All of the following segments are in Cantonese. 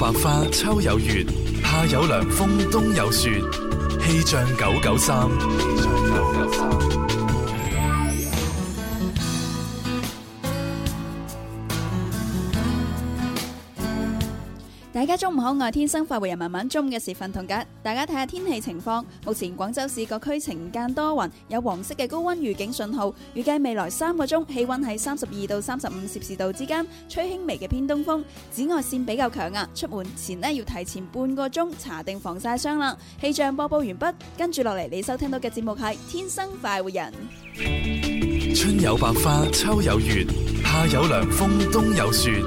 百花秋有月，夏有涼風冬有雪，氣象九九三。大家中午好，我係天生快活人晚晚中午嘅時分同緊，大家睇下天氣情況。目前廣州市各區晴間多雲，有黃色嘅高溫預警信號。預計未來三個鐘氣溫喺三十二到三十五攝氏度之間，吹輕微嘅偏東風，紫外線比較強啊！出門前呢，要提前半個鐘查定防曬霜啦。氣象播報完畢，跟住落嚟你收聽到嘅節目係天生快活人。春有百花，秋有月，夏有涼風，冬有雪。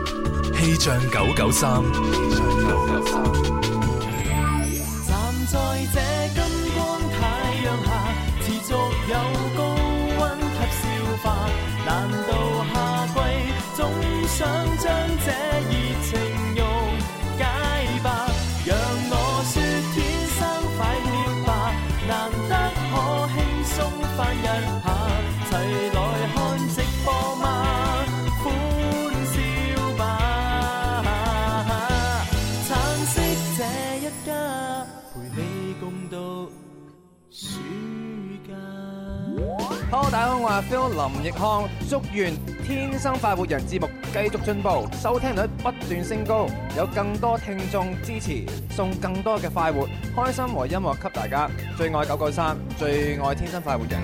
氣象九九三。氣象九九三。站在這金光太陽下，持續有高溫及笑話。難道夏季總想將這。大家好，我係 Phil 林奕康，祝願《天生快活人》節目繼續進步，收聽率不斷升高，有更多聽眾支持，送更多嘅快活、開心和音樂給大家。最愛九九三，最愛天、就是天《天生快活人》。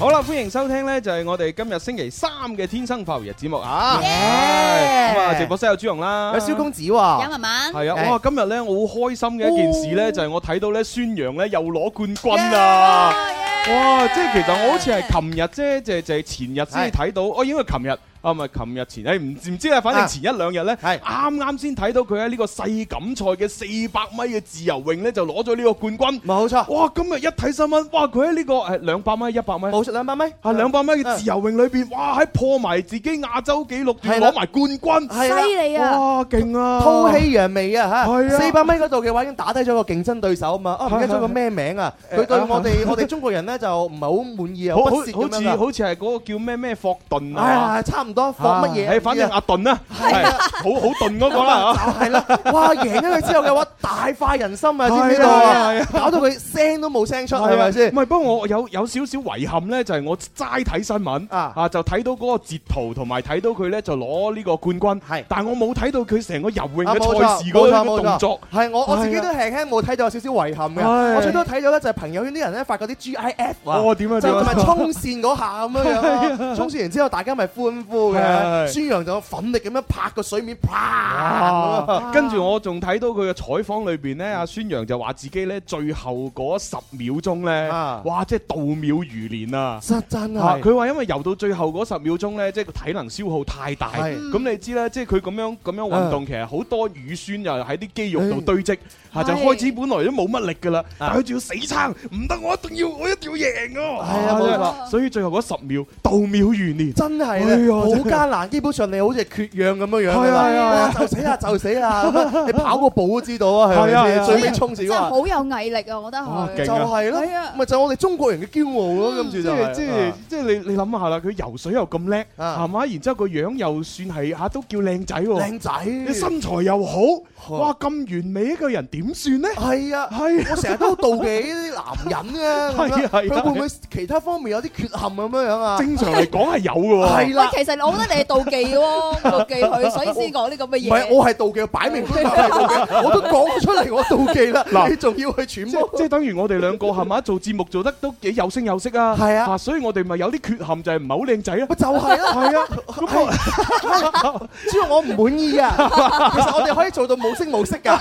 好啦，歡迎收聽呢就係我哋今日星期三嘅《天生快活人》節目啊！咁啊，直播室有朱紅啦，有蕭公子，有文文，係啊！哇，今日咧我好開心嘅一件事咧，就係、是、我睇到咧孫楊咧又攞冠軍啊！哇！即係其實我好似係琴日啫，就係即係前日先睇到，哦，應該琴日。今日琴日前，誒唔唔知咧，反正前一兩日咧，啱啱先睇到佢喺呢個世錦賽嘅四百米嘅自由泳咧，就攞咗呢個冠軍。冇錯，哇！今日一睇新聞，哇！佢喺呢個誒兩百米、一百米冇錯，兩百米係兩百米嘅自由泳裏邊，哇！喺破埋自己亞洲紀錄，攞埋冠軍，犀利啊！哇！勁啊！吐氣揚眉啊！嚇，係啊，四百米嗰度嘅話已經打低咗個競爭對手啊嘛！啊，唔記得咗個咩名啊？佢對我哋我哋中國人咧就唔係好滿意啊！好似好似係嗰個叫咩咩霍頓啊？係啊，差唔。咯乜嘢？反正阿盾啦，係好好頓嗰個啦嚇，係啦，哇！贏咗佢之後嘅話，大快人心啊！知唔知搞到佢聲都冇聲出，係咪先？唔係，不過我有有少少遺憾咧，就係我齋睇新聞啊，就睇到嗰個截圖同埋睇到佢咧就攞呢個冠軍，係，但係我冇睇到佢成個游泳嘅賽事嗰個動作。係，我我自己都輕輕冇睇到有少少遺憾嘅。我最多睇到咧就係朋友圈啲人咧發嗰啲 GIF，就係衝線嗰下咁樣樣，衝線完之後大家咪歡呼。孫楊就奮力咁樣拍個水面，啪！跟住我仲睇到佢嘅採訪裏邊呢，阿孫楊就話自己呢最後嗰十秒鐘呢，哇！即係度秒如年啊！真真啊！佢話因為游到最後嗰十秒鐘呢，即係個體能消耗太大，咁你知啦，即係佢咁樣咁樣運動，其實好多乳酸又喺啲肌肉度堆積。就開始，本來都冇乜力㗎啦，但佢仲要死撐，唔得！我一定要，我一定要贏㗎。係啊，所以最後嗰十秒，度秒如年，真係好艱難。基本上你好似缺氧咁樣樣，係啊，啊！就死啊，就死啊！你跑個步都知道啊，係啊，最尾衝時，真係好有毅力啊！我覺得就係咯，咪就係我哋中國人嘅驕傲咯！咁住就，即係即係即係你你諗下啦，佢游水又咁叻，係嘛？然之後個樣又算係吓，都叫靚仔喎，靚仔，你身材又好。哇，咁完美一個人點算呢？係啊，係我成日都妒忌啲男人啊，佢會唔會其他方面有啲缺陷咁樣樣啊？正常嚟講係有㗎喎。係啦，其實我覺得你係妒忌喎，妒忌佢，所以先講啲咁嘅嘢。唔係，我係妒忌，擺明我都講出嚟，我妒忌啦。嗱，你仲要去揣摩？即係等於我哋兩個係咪做節目做得都幾有聲有色啊？係啊，所以我哋咪有啲缺陷就係唔係好靚仔咧？咪就係咯，係啊，主要我唔滿意啊。其實我哋可以做到冇。冇聲冇色㗎，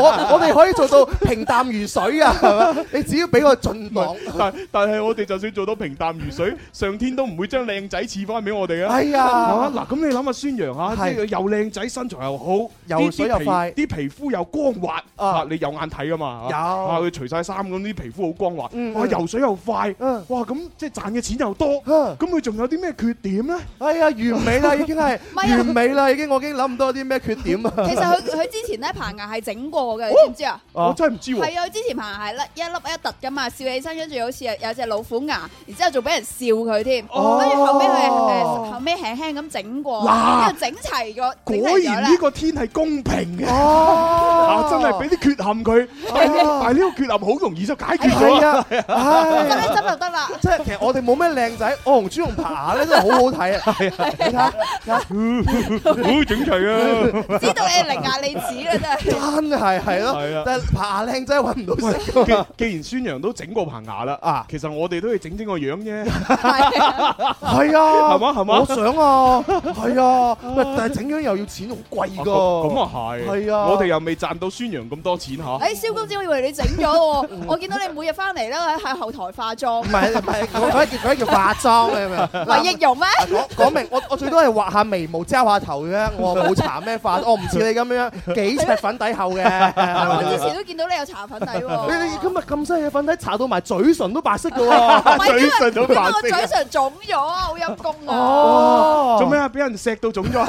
我我哋可以做到平淡如水啊，係咪？你只要俾個盡量。但但係我哋就算做到平淡如水，上天都唔會將靚仔賜翻俾我哋啊！係啊，嗱咁你諗下孫楊啊，即係又靚仔，身材又好，又水又快，啲皮膚又光滑啊！你有眼睇㗎嘛？有哇！佢除晒衫咁，啲皮膚好光滑，哇！游水又快，哇！咁即係賺嘅錢又多，咁佢仲有啲咩缺點咧？哎呀，完美啦，已經係完美啦，已經，我已經諗唔到有啲咩缺點啊！其實佢佢之前咧棚牙係整過嘅，你知唔知啊？我真係唔知喎。係啊，佢之前棚牙係粒一粒一突㗎嘛，笑起身跟住好似有有隻老虎牙，然之後仲俾人笑佢添。哦，跟住後尾，佢後尾輕輕咁整過，整齊咗，果然呢個天係公平嘅。真係俾啲缺陷佢，但係呢個缺陷好容易就解決咗啊！打啲針就得啦。即係其實我哋冇咩靚仔，黃子雄棚牙咧都好好睇啊！好整齊啊！知道嚟壓你紙啦，真係真係係咯，但係爬牙靚仔揾唔到食。既然孫楊都整過棚牙啦，啊，其實我哋都要整整個樣啫。係啊，係嘛係嘛，我想啊，係啊，但係整樣又要錢，好貴㗎。咁啊係，係啊，我哋又未賺到孫楊咁多錢嚇。誒，蕭公子，我以為你整咗喎，我見到你每日翻嚟咧喺後台化妝。唔係唔係，嗰啲叫化妝咩？華易容咩？講明，我我最多係畫下眉毛、遮下頭啫，我冇搽咩化妝，我唔知。咁樣幾尺粉底厚嘅，我以前都見到你有搽粉底喎。你今日咁犀嘅粉底搽到埋嘴唇都白色嘅喎，嘴唇都白色。因為我嘴唇腫咗，好陰功啊！做咩啊？俾人錫到腫咗，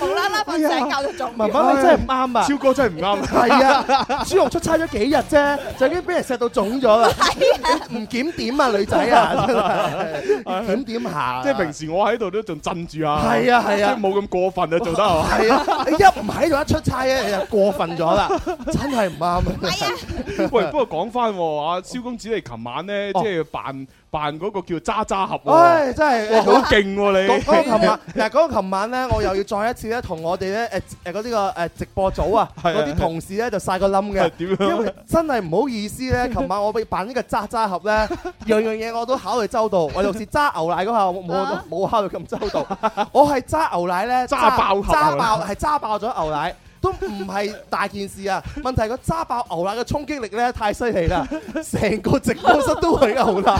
無啦啦把聲搞到腫。文文真係唔啱啊！超哥真係唔啱啊！係啊！朱華出差咗幾日啫，就已經俾人錫到腫咗啦。係啊！唔檢點啊，女仔啊，檢點下。即係平時我喺度都仲鎮住下。係啊，係。即係冇咁過分啊，做得係 啊！一唔喺度一出差咧，你就過分咗啦，真係唔啱。啊，喂，不過講翻阿蕭公子你琴晚咧，即係扮。扮嗰個叫渣渣盒唉，真係好勁喎！你嗰個琴晚，嗱嗰個琴晚咧，我又要再一次咧，同我哋咧誒誒嗰呢個誒直播組啊，嗰啲同事咧就晒個冧嘅，因為真係唔好意思咧，琴晚我俾扮呢個渣渣盒咧，樣樣嘢我都考慮周到，我尤其是揸牛奶嗰下，冇冇考慮咁周到，我係揸牛奶咧揸爆盒，揸爆係揸爆咗牛奶。都唔係大件事啊！問題係個揸爆牛奶嘅衝擊力咧太犀利啦，成個直播室都係牛奶，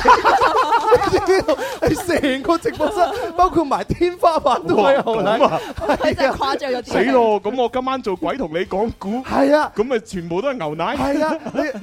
係成個直播室，包括埋天花板都係牛奶，真係誇張咗啲。死咯！咁我今晚做鬼同你講故，係啊，咁咪全部都係牛奶，係啊，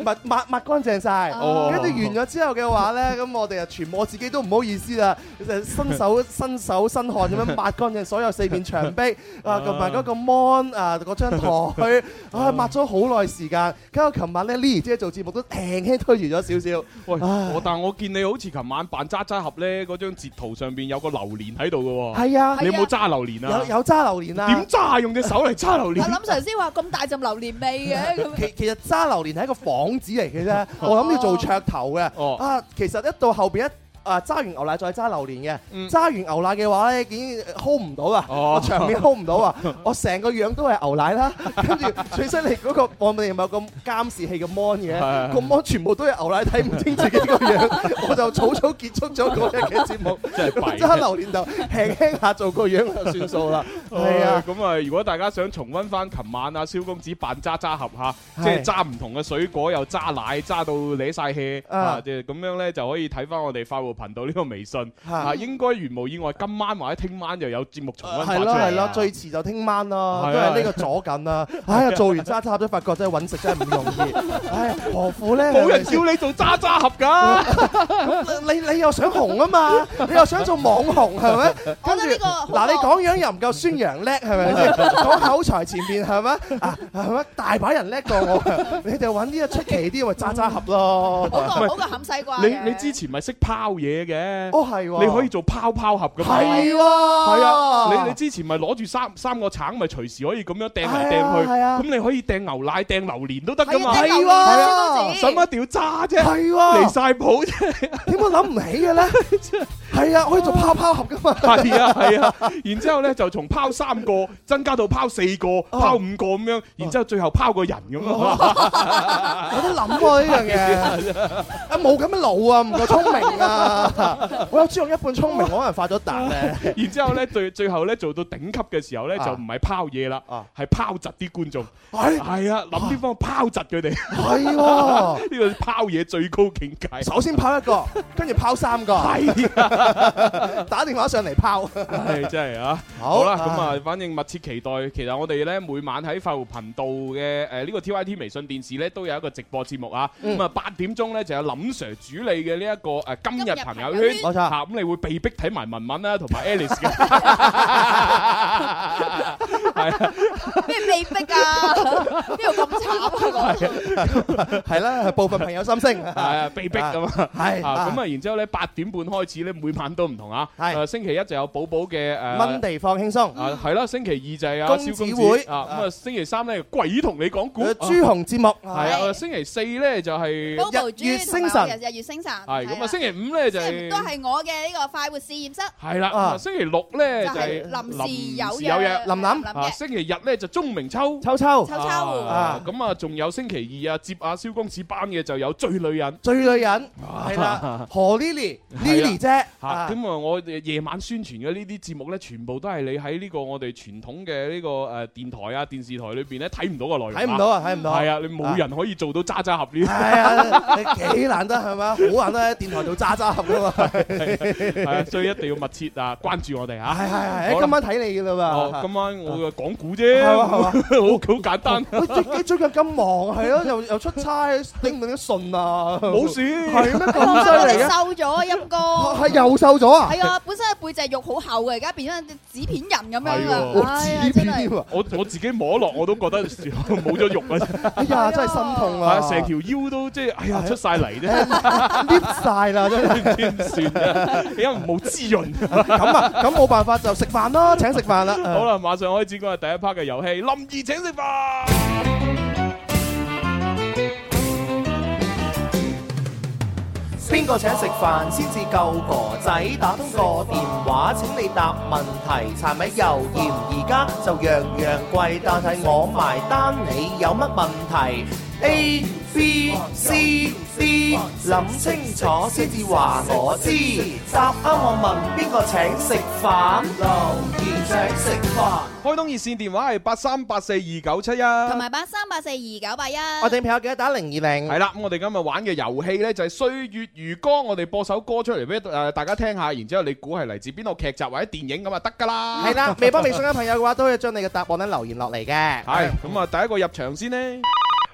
抹抹抹乾淨晒。哦，跟住完咗之後嘅話咧，咁我哋啊全部我自己都唔好意思啦，就伸手伸手身汗咁樣抹乾淨所有四面牆壁啊，同埋嗰個 mon 啊，嗰張。台 啊，抹咗好耐時間，跟住琴晚咧，Lily 姐做節目都輕輕推遲咗少少。喂，但係我見你好似琴晚扮渣渣盒咧，嗰張截圖上邊有個榴蓮喺度嘅。係啊，你有冇揸榴蓮啊？有有揸榴蓮啊？點揸？用隻手嚟揸榴蓮。我諗上先話咁大陣榴蓮味嘅。其其實揸榴蓮係一個幌子嚟嘅啫，我諗要做噱頭嘅。啊，其實一到後邊一。啊！揸完牛奶再揸榴蓮嘅，揸完牛奶嘅話咧，已經 hold 唔到啊，我場面 hold 唔到啊，我成個樣都係牛奶啦，跟住最犀利嗰個我哋咪有個監視器嘅 mon 嘅，個 mon 全部都係牛奶，睇唔清自己個樣，我就草草結束咗嗰日嘅節目。真係弊。揸榴蓮就輕輕下做個樣就算數啦。係啊，咁啊，如果大家想重溫翻琴晚阿蕭公子扮渣渣俠吓，即係揸唔同嘅水果又揸奶揸到你晒氣啊，即係咁樣咧就可以睇翻我哋法頻道呢個微信，啊，應該如無意外今晚或者聽晚又有節目重溫。係咯，係咯，最遲就聽晚啦，都係呢個阻緊啦。哎呀，做完渣渣合都發覺真係揾食真係唔容易。哎，何苦咧？冇人叫你做渣渣合噶，你你又想紅啊嘛？你又想做網紅係咪？跟住嗱，你講樣又唔夠孫楊叻係咪先？講口才前面，係咪啊？係咪大把人叻過我？你哋玩呢一出奇啲，喂渣渣合咯，好個好個冚西瓜。你你之前咪識拋？嘢嘅，哦係你可以做泡泡盒咁，係喎，係啊，你你之前咪攞住三三個橙，咪隨時可以咁樣掟嚟掟去，係啊，咁你可以掟牛奶、掟榴蓮都得噶嘛，係啊，使乜掉渣啫，係喎，離曬譜啫，點解諗唔起嘅咧？係啊，可以做拋拋盒噶嘛。係啊係啊，然之後咧就從拋三個增加到拋四個、拋五個咁樣，然之後最後拋個人咁啊！我都諗過呢樣嘢，啊冇咁嘅腦啊，唔夠聰明啊！我有只用一半聰明，可能發咗達咧。然之後咧最最後咧做到頂級嘅時候咧，就唔係拋嘢啦，係拋窒啲觀眾。係係啊，諗啲方法拋窒佢哋。係呢個拋嘢最高境界。首先拋一個，跟住拋三個。打電話上嚟拋，係真係啊！好啦，咁啊，反正密切期待。其實我哋咧每晚喺快活頻道嘅誒呢個 TYT 微信電視咧，都有一個直播節目啊。咁啊八點鐘咧就有林 Sir 主理嘅呢一個誒今日朋友圈，冇錯吓。咁你會被逼睇埋文文啦，同埋 Alice。係咩被逼啊？邊度咁慘啊？係啦，部分朋友心聲係啊，被逼㗎嘛，係咁啊。然之後咧，八點半開始咧，每晚都唔同啊。係，星期一就有寶寶嘅誒，蚊地放輕鬆。係啦，星期二就係啊，小公子。咁啊，星期三咧，鬼同你講古朱紅節目。係啊，星期四咧就係日月星辰。日月星辰。係咁啊，星期五咧就係都係我嘅呢個快活試驗室。係啦啊，星期六咧就係臨時有約，琳琳。星期日咧就鍾明秋，秋秋，秋秋啊！咁啊，仲有星期二啊，接阿蕭公子班嘅就有追女人，追女人係啦，何 Lily，Lily 啫。咁啊，我夜晚宣傳嘅呢啲節目咧，全部都係你喺呢個我哋傳統嘅呢個誒電台啊、電視台裏邊咧睇唔到嘅內容，睇唔到啊，睇唔到係啊，你冇人可以做到渣渣盒呢，係啊，你幾難得係咪？好難得喺電台做渣渣盒噶嘛，所以一定要密切啊關注我哋啊，係係喺今晚睇你噶啦嘛，今晚我。講古啫，好簡單。你最近咁忙係咯，又又出差，頂唔頂順啊？冇事，係咩？咁即係你瘦咗，陰哥係又瘦咗啊？係啊，本身係背脊肉好厚嘅，而家變咗啲紙片人咁樣啦。紙片添啊！我我自己摸落我都覺得時候冇咗肉啊！哎呀，真係心痛啊！成條腰都即係哎呀出晒嚟啫，攣曬啦真天算啊！而家冇滋潤，咁啊咁冇辦法就食飯啦，請食飯啦！好啦，馬上開始。應該係第一 part 嘅遊戲，林兒請食飯。邊個請食飯先至夠哥仔打通個電話請你答問題，柴米油鹽而家就樣樣貴，但係我埋單，你有乜問題？A B C D，諗清楚先至話我知。答啱我問，邊個請食飯？留言請食飯。開通熱線電話係八三八四二九七一，同埋八三八四二九八一。我哋朋友記得打零二零。係啦，咁我哋今日玩嘅遊戲咧就係歲月如歌，我哋播首歌出嚟俾誒大家聽下，然之後你估係嚟自邊個劇集或者電影，咁啊得噶啦。係啦，微博、微信嘅朋友嘅話都可以將你嘅答案咧留言落嚟嘅。係，咁啊第一個入場先呢。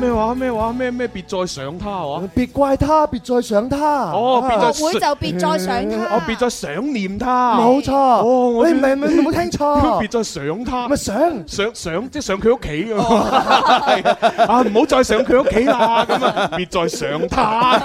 咩話咩話咩咩？別再想他啊！別怪他，別再想他哦！再會就別再想他哦！別再想念他，冇錯哦！你明唔明？你冇聽錯？別再想他，咪想想想即係上佢屋企咁啊！唔好再上佢屋企啦！咁啊，別再想他。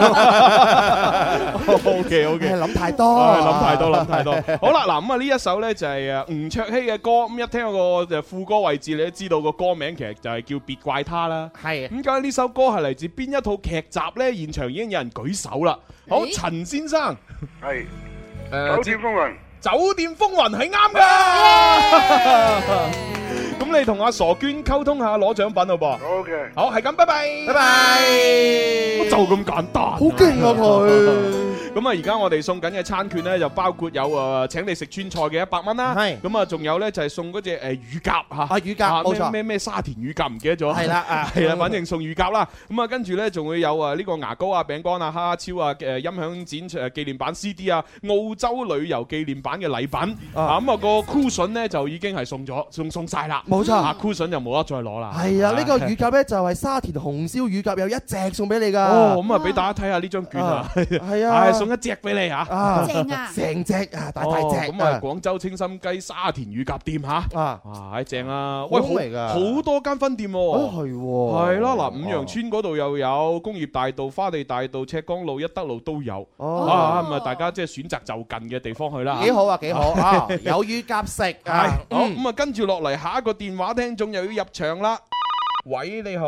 OK，OK，諗太多，諗太多，諗太多。好啦，嗱咁啊，呢一首咧就係啊吳卓羲嘅歌咁，一聽個副歌位置，你都知道個歌名，其實就係叫《別怪他》啦。係而家呢首歌係嚟自邊一套劇集咧？現場已經有人舉手啦。好，陳先生，係 ，誒、呃，九劍風雲。酒店風雲係啱㗎，咁你同阿傻娟溝通下攞獎品好噃。OK，好係咁，拜拜，拜拜，就咁簡單。好勁啊佢。咁啊，而家我哋送緊嘅餐券咧，就包括有啊，請你食川菜嘅一百蚊啦。係。咁啊，仲有咧就係送嗰隻誒乳鴿嚇。啊，乳鴿冇錯，咩咩沙田乳鴿唔記得咗。係啦啊，係啦，反正送乳鴿啦。咁啊，跟住咧仲會有啊呢個牙膏啊、餅乾啊、蝦超啊、誒音響展誒紀念版 CD 啊、澳洲旅遊紀念版。嘅禮品啊，咁啊個 cushion 咧就已經係送咗，送送晒啦，冇錯 cushion 就冇得再攞啦。係啊，呢個乳鴿咧就係沙田紅燒乳鴿，有一隻送俾你噶。哦，咁啊俾大家睇下呢張券啊，係啊，送一隻俾你吓，正啊，成隻啊，大大隻。咁啊，廣州清心雞沙田乳鴿店吓啊，啊，正啊，喂，好，好多間分店，啊係，係咯，嗱，五羊村嗰度又有，工業大道、花地大道、赤崗路、一德路都有，啊，咁啊大家即係選擇就近嘅地方去啦。好啊，幾好啊，有魚夾食啊！好咁啊，跟住落嚟下一個電話聽眾又要入場啦。喂，你好，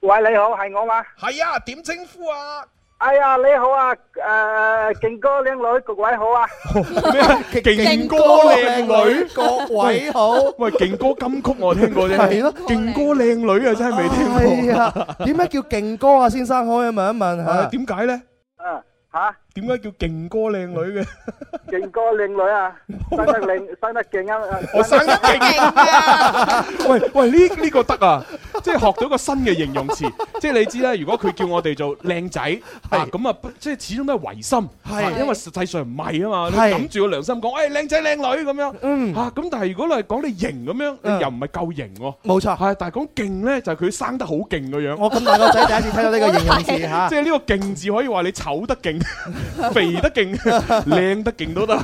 喂，你好，係我嘛？係啊，點稱呼啊？哎呀，你好啊，誒，勁哥靚女各位好啊！勁哥靚女各位好。喂，勁歌金曲我聽過啫，係咯，勁哥靚女啊，真係未聽過。係啊，點解叫勁哥啊？先生可以問一問，係點解咧？啊，吓？點解叫勁哥靚女嘅？勁哥靚女啊，生得靚，生得勁啊！我生得勁啊！喂 喂，呢呢個得啊！即係學到個新嘅形容詞，即係你知啦。如果佢叫我哋做靚仔，係咁啊，即係始終都係違心，係因為實際上唔係啊嘛。你諗住個良心講，誒，靚仔靚女咁樣，嗯，吓咁。但係如果你講你型咁樣，你又唔係夠型喎。冇錯，係但係講勁咧，就係佢生得好勁個樣。我咁大個仔第一次睇到呢個形容詞吓。即係呢個勁字可以話你醜得勁、肥得勁、靚得勁都得。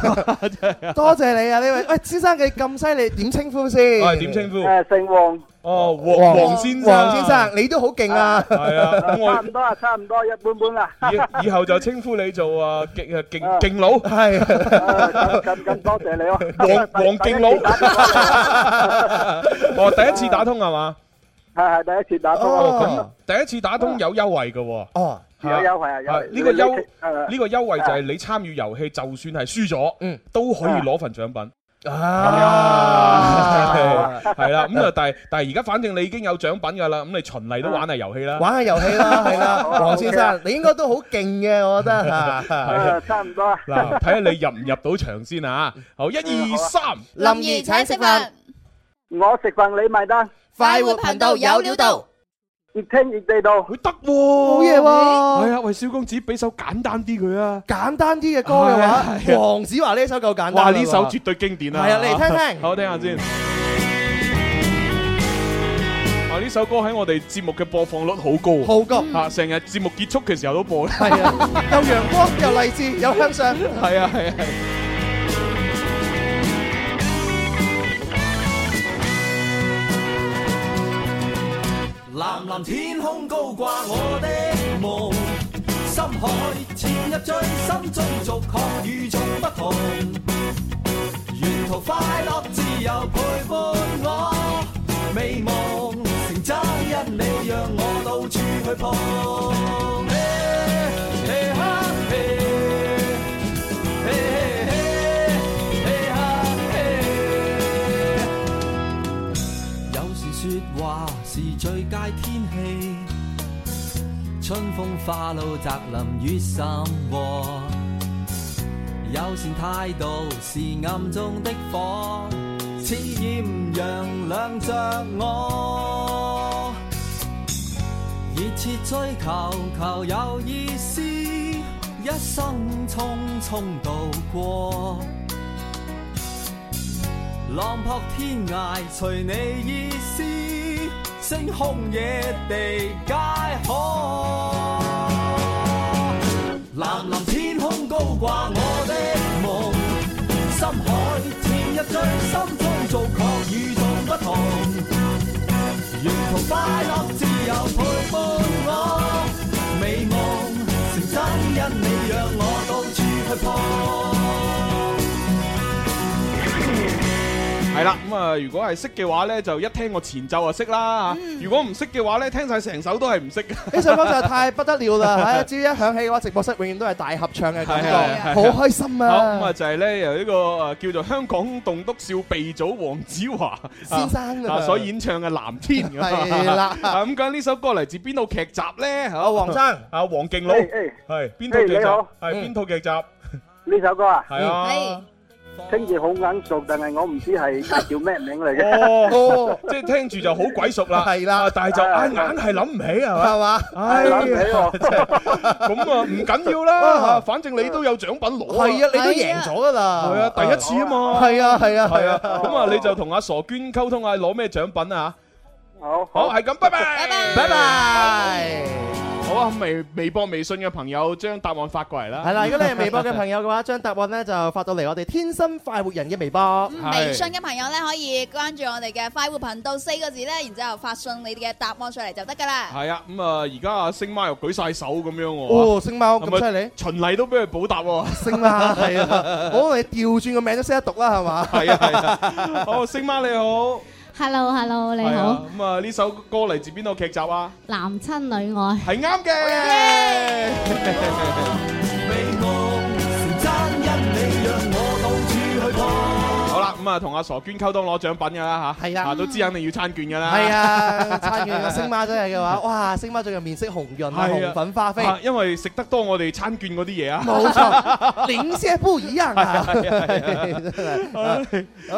多謝你啊，呢位，喂，先生你咁犀利，點稱呼先？誒，點稱呼？誒，姓王。哦，黃黃先生，黃先生，你都好勁啊！係啊，咁我差唔多啊，差唔多，一般般啦。以以後就稱呼你做啊，勁啊勁勁佬，係咁咁多謝你咯。黃黃勁佬，哦，第一次打通係嘛？系係第一次打通。哦，咁第一次打通有優惠嘅。哦，有優惠啊！係呢個優呢個優惠就係你參與遊戲，就算係輸咗，嗯，都可以攞份獎品。啊，係啦，咁啊，但係但係而家反正你已經有獎品噶啦，咁你循例都玩下遊戲啦，玩下遊戲啦，係啦，王先生，你應該都好勁嘅，我覺得吓，係差唔多，嗱，睇下你入唔入到場先啊，好，一二三，林儀請食飯，我食飯你埋單，快活頻道有料到。越聽越地道，佢得喎，好嘢！喎。係啊，喂，蕭公子，俾首簡單啲佢啊，簡單啲嘅歌嘅話，黃子華呢首夠簡單，但係，呢首絕對經典啦，係啊，你嚟聽聽，好聽下先。啊，呢首歌喺我哋節目嘅播放率好高，好高啊！成日節目結束嘅時候都播，係啊，又陽光又勵志又向上，係啊，係係。藍藍天空高掛我的夢，深海潛入最心中逐確與眾不同，沿途快樂自由陪伴我，美夢成真因你讓我到處去碰。說話是最佳天氣，春風化雨淋雨澤林雨散。和友善態度是暗中的火，似艷陽亮着我。熱切追求，求求有意思，一生匆匆度過。浪撲天涯隨你意思，星空野地皆可。藍藍天空高掛我的夢，深海潛入最深追逐確與眾不同。沿途快樂自由陪伴我，美夢成真因你讓我到處去碰。係啦，咁啊，如果係識嘅話咧，就一聽個前奏就識啦。如果唔識嘅話咧，聽晒成首都係唔識。呢首歌就係太不得了啦！哎，只要一響起嘅話，直播室永遠都係大合唱嘅感覺，好開心啊！咁啊，就係咧由呢個誒叫做香港棟篤笑鼻祖黃子華先生啊所演唱嘅《藍天》。係啦，咁講呢首歌嚟自邊套劇集咧？阿黃生，阿黃敬老係邊套劇集？係邊套劇集？呢首歌啊？係聽住好眼熟，但係我唔知係叫咩名嚟嘅，哦哦，即係聽住就好鬼熟啦，係啦，但係就硬係諗唔起啊嘛，係嘛，諗唔起啊，咁啊唔緊要啦，吓，反正你都有獎品攞，係啊，你都贏咗噶啦，係啊，第一次啊嘛，係啊，係啊，係啊，咁啊，你就同阿傻娟溝通下，攞咩獎品啊。好好係咁，拜拜，拜拜，拜拜。好啊，微微博、微信嘅朋友將答案發過嚟啦。係啦，如果你係微博嘅朋友嘅話，將答案咧就發到嚟我哋天生快活人嘅微博。微信嘅朋友咧可以關注我哋嘅快活頻道四個字咧，然之後發信你哋嘅答案上嚟就得噶啦。係啊，咁啊而家阿星媽又舉晒手咁樣，哦，星媽咁犀利，循例都俾佢補答，星媽係啊，好，你調轉個名都識得讀啦，係嘛？係啊，係啊，好，星媽你好。Hello，Hello，hello, <Yeah, S 1> 你好。咁啊、嗯，呢首歌嚟自邊度劇集啊？男親女愛係啱嘅。美夢成真因你，讓我到處去。咁啊，同阿傻娟溝通攞獎品噶啦嚇，係啊，都知肯定要餐券噶啦，係啊，餐券啊，星媽真係嘅話，哇，星媽最近面色紅潤，紅粉花飛，因為食得多我哋餐券嗰啲嘢啊，冇錯，面色唔一樣啊，係啊係啊，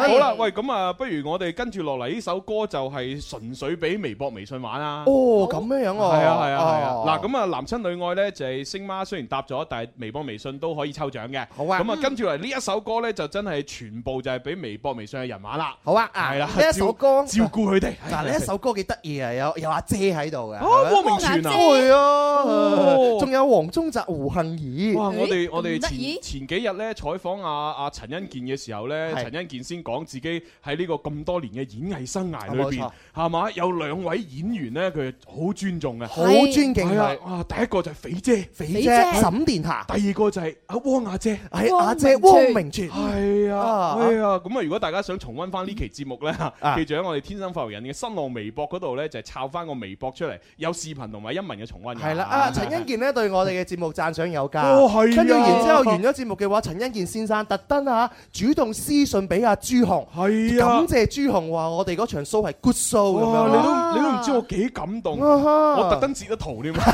好啦，喂，咁啊，不如我哋跟住落嚟呢首歌就係純粹俾微博、微信玩啊，哦，咁樣樣啊，係啊係啊係啊，嗱，咁啊，男親女愛咧就係星媽雖然答咗，但係微博、微信都可以抽獎嘅，好啊，咁啊，跟住嚟呢一首歌咧就真係全部就係俾。微博、微信嘅人馬啦，好啊，係啦，一首歌照顧佢哋，嗱呢一首歌幾得意啊，有有阿姐喺度嘅，汪明荃啊，仲有黃宗澤、胡杏兒，哇，我哋我哋前前幾日咧採訪阿阿陳欣健嘅時候咧，陳欣健先講自己喺呢個咁多年嘅演藝生涯裏邊，係嘛有兩位演員咧，佢好尊重嘅，好尊敬嘅，哇，第一個就係肥姐，肥姐沈殿霞，第二個就係阿汪阿姐，係阿姐汪明荃，係啊，係啊。咁啊！如果大家想重温翻呢期節目咧，記住喺我哋天生快活人嘅新浪微博嗰度咧，就係抄翻個微博出嚟，有視頻同埋音文嘅重温。係啦，啊陳恩健呢對我哋嘅節目讚賞有加。跟住然之後完咗節目嘅話，陳恩健先生特登嚇主動私信俾阿朱紅，係啊，感謝朱紅話我哋嗰場 show 係 good show 咁樣，你都你都唔知我幾感動，我特登截咗圖添嘛。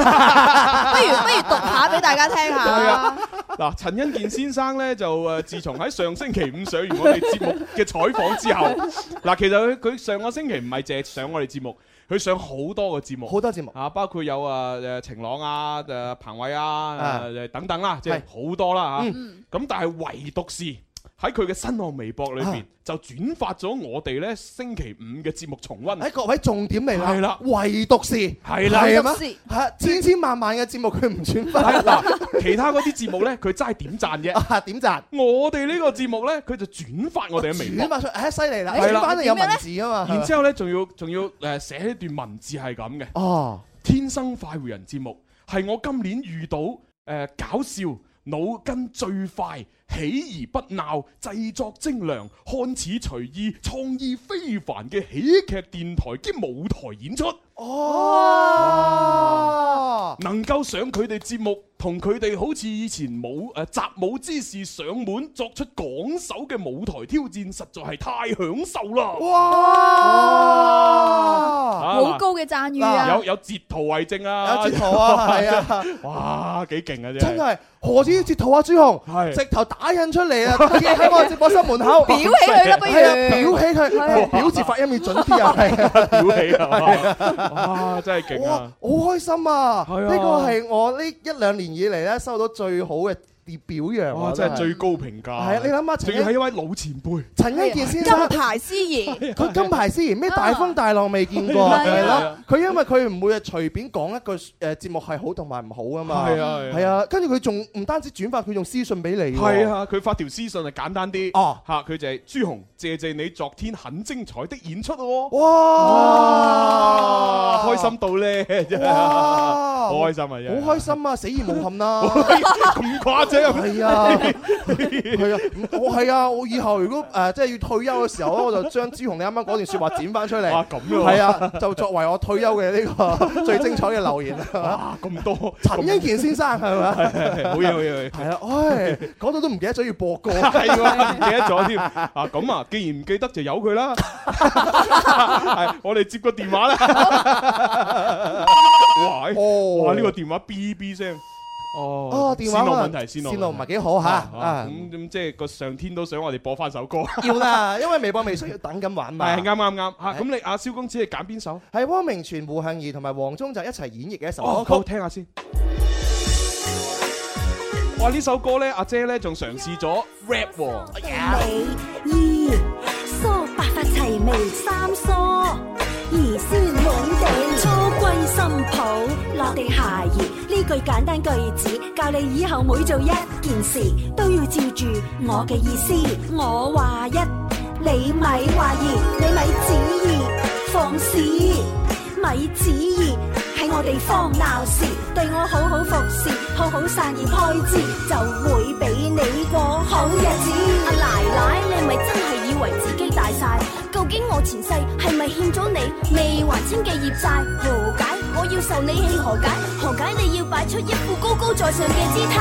不如不如讀下俾大家聽下。嗱，陳恩健先生咧就誒，自從喺上星期五上完我哋節嘅採訪之後，嗱，其實佢佢上個星期唔係淨係上我哋節目，佢上好多個節目，好多節目啊，包括有啊誒晴朗啊、誒、呃、彭偉啊，啊，啊等等啦、啊，即係好多啦、啊、嚇。咁但係唯獨是，嗯啊喺佢嘅新浪微博裏邊就轉發咗我哋咧星期五嘅節目重溫，喺各位重點嚟啦，唯獨是係啦，係咩？千千萬萬嘅節目佢唔轉發，嗱，其他嗰啲節目咧佢齋點讚啫？點讚。我哋呢個節目咧佢就轉發我哋嘅微博，轉發誒，犀利啦，轉返嚟你有文字啊嘛，然之後咧仲要仲要誒寫一段文字係咁嘅。哦，天生快活人節目係我今年遇到誒搞笑腦筋最快。喜而不鬧，製作精良，看似隨意，創意非凡嘅喜劇電台兼舞台演出。哦，能夠上佢哋節目，同佢哋好似以前舞誒習武之士上門作出講手嘅舞台挑戰，實在係太享受啦！哇，好高嘅讚譽啊！有有截圖為證啊！有截圖啊，係啊！哇，幾勁啊！真係何止截圖啊，朱紅，直頭打印出嚟啊！喺我直播室門口裱起佢啦，不如裱起佢，表字發音要準啲啊，係裱起係嘛？哇！真係勁啊！好開心啊！呢、嗯、個係我呢一兩年以嚟咧收到最好嘅，而表揚，哇，真係最高評價。係啊，你諗下，仲要係一位老前輩，陳一媺先金牌司儀，佢金牌司儀咩大風大浪未見過啦。佢因為佢唔會啊隨便講一句誒節目係好同埋唔好啊嘛。係啊，係啊，跟住佢仲唔單止轉發，佢用私信俾你。係啊，佢發條私信係簡單啲。哦，嚇，佢就係朱紅，謝謝你昨天很精彩的演出喎。哇，開心到咧，好開心啊，好開心啊，死而無憾啦，咁誇張。係 啊，係啊，我係啊，啊，啊，我以後如果誒，即係要退休嘅時候咧，我就將朱紅你啱啱嗰段說話剪翻出嚟。哇，咁啊，係啊，就作為我退休嘅呢個最精彩嘅留言啦。咁 多陳英健先生係咪？好嘢好嘢。係 啊，唉、哎，講到 都唔記得咗要播歌，記得咗添啊。咁 啊，既然唔記得就由佢啦。係 ，我哋接個電話啦 、喔。哦，哇，呢、這個電話 BB 聲。哦，哦，電話問題，線路唔係幾好吓。咁咁即係個上天都想我哋播翻首歌。要啦，因為微博、微信要等緊玩嘛。係啱啱啱吓，咁你阿蕭公子係揀邊首？係汪明荃、胡杏兒同埋黃宗澤一齊演繹嘅一首歌。好，聽下先。哇，呢首歌咧，阿姐咧仲嘗試咗 rap 喎。一、二、三，梳，白髮齊眉，三梳。兒孫滿堂，初歸心抱，落地孩兒。呢句簡單句子，教你以後每做一件事，都要照住我嘅意思。我話一，你咪懷疑？你咪旨意，放肆！咪旨意喺我哋方鬧事，對我好好服侍，好好散葉開枝，就會俾你過好日子。阿奶奶，你咪真係以為自己大晒？究竟我前世係咪欠咗你未還清嘅業債？何解？我要受你氣何解？何解你要擺出一副高高在上嘅姿態？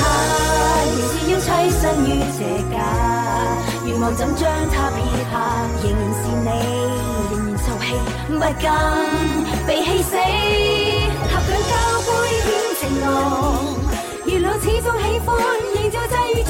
他原、啊、是要棲身於邪界，願望怎將他撇下？仍然是你，仍然受氣，不敢被氣死。合掌交杯顯情濃，月亮始終喜歡，仍照際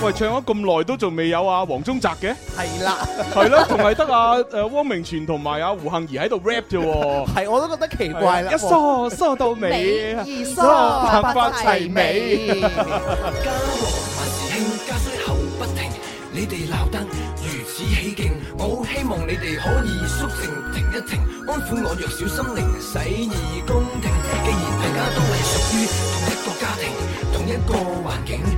喂，唱咗咁耐都仲未有啊，黃宗澤嘅？係啦，係咯，仲係得阿誒汪明荃同埋阿胡杏兒喺度 rap 啫。係，我都覺得奇怪啦，一梳梳到尾，二梳白髮齊眉。家和萬事興，家衰口不停，你哋鬧得如此起勁，我好希望你哋可以肅靜停一停，安撫我弱小心靈，洗耳恭聽。既然大家都係屬於同一個家庭，同一個環境。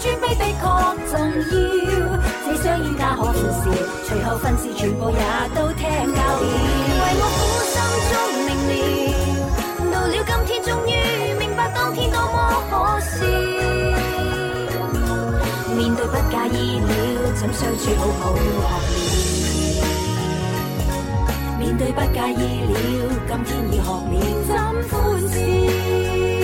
尊卑的確重要，這傷意他可恥笑，隨後訓示全部也都聽夠了。為我苦心中明瞭，到了今天終於明白當天多麼可笑。面對不介意了，怎相處好好學了。面對不介意了，今天已學了怎歡笑。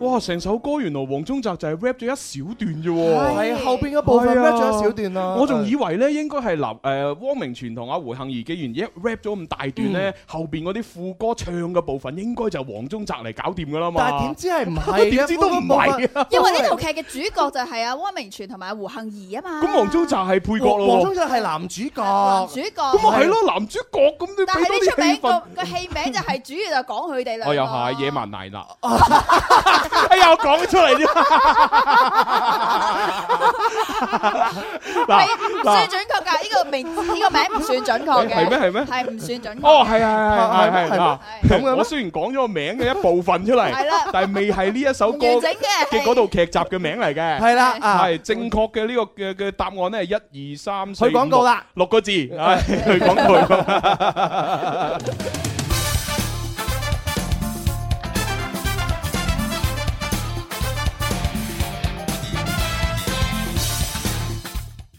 哇！成首歌原來黃宗澤就係 rap 咗一小段啫，係後邊一部分 rap 咗一小段啦。我仲以為咧，應該係林誒汪明荃同阿胡杏兒既然一 rap 咗咁大段咧，後邊嗰啲副歌唱嘅部分應該就係黃宗澤嚟搞掂噶啦嘛。但係點知係唔係啊？點知都唔係。因為呢套劇嘅主角就係阿汪明荃同埋胡杏兒啊嘛。咁黃宗澤係配角咯，黃宗澤係男主角。男主角咁啊係咯，男主角咁都。但係呢出名個個戲名就係主要就講佢哋兩。我又係野蠻奶奶。哎呀，我講咗出嚟啫。嗱，唔算準確噶呢個名，呢個名唔算準確嘅。係咩？係咩？係唔算準確。哦，係啊，係係係。嗱，咁啊，我雖然講咗個名嘅一部分出嚟，係啦，但係未係呢一首歌完整嘅嘅嗰套劇集嘅名嚟嘅。係啦，係正確嘅呢個嘅嘅答案咧，係一二三四。去廣告啦，六個字。係去廣告。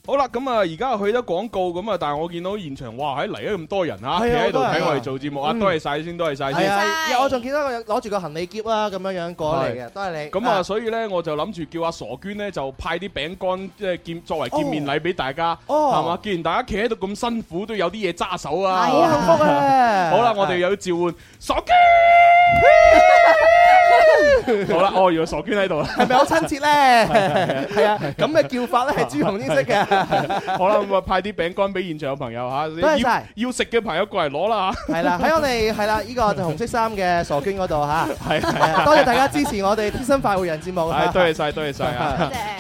好啦，咁啊，而家去咗廣告咁啊，但係我見到現場，哇，喺嚟咗咁多人啊，企喺度睇我哋做節目啊，多謝晒先，多謝晒先。我仲見到個攞住個行李夾啦，咁樣樣過嚟嘅，多謝你。咁啊，所以咧，我就諗住叫阿傻娟咧，就派啲餅乾即係見作為見面禮俾大家，係嘛？既然大家企喺度咁辛苦，都有啲嘢揸手啊，好幸福啊！好啦，我哋又要召喚傻娟。好啦，哦，原 來傻娟喺度啦，係咪好親切咧？係啊，咁嘅叫法咧係朱紅顏色嘅。好啦，咁啊派啲餅乾俾現場嘅朋友吓，晒，要食嘅朋友過嚟攞啦。係啦，喺我哋係啦，呢個就紅色衫嘅傻娟嗰度吓，係係。多謝大家支持我哋天生快活人節目，多謝晒，多謝晒，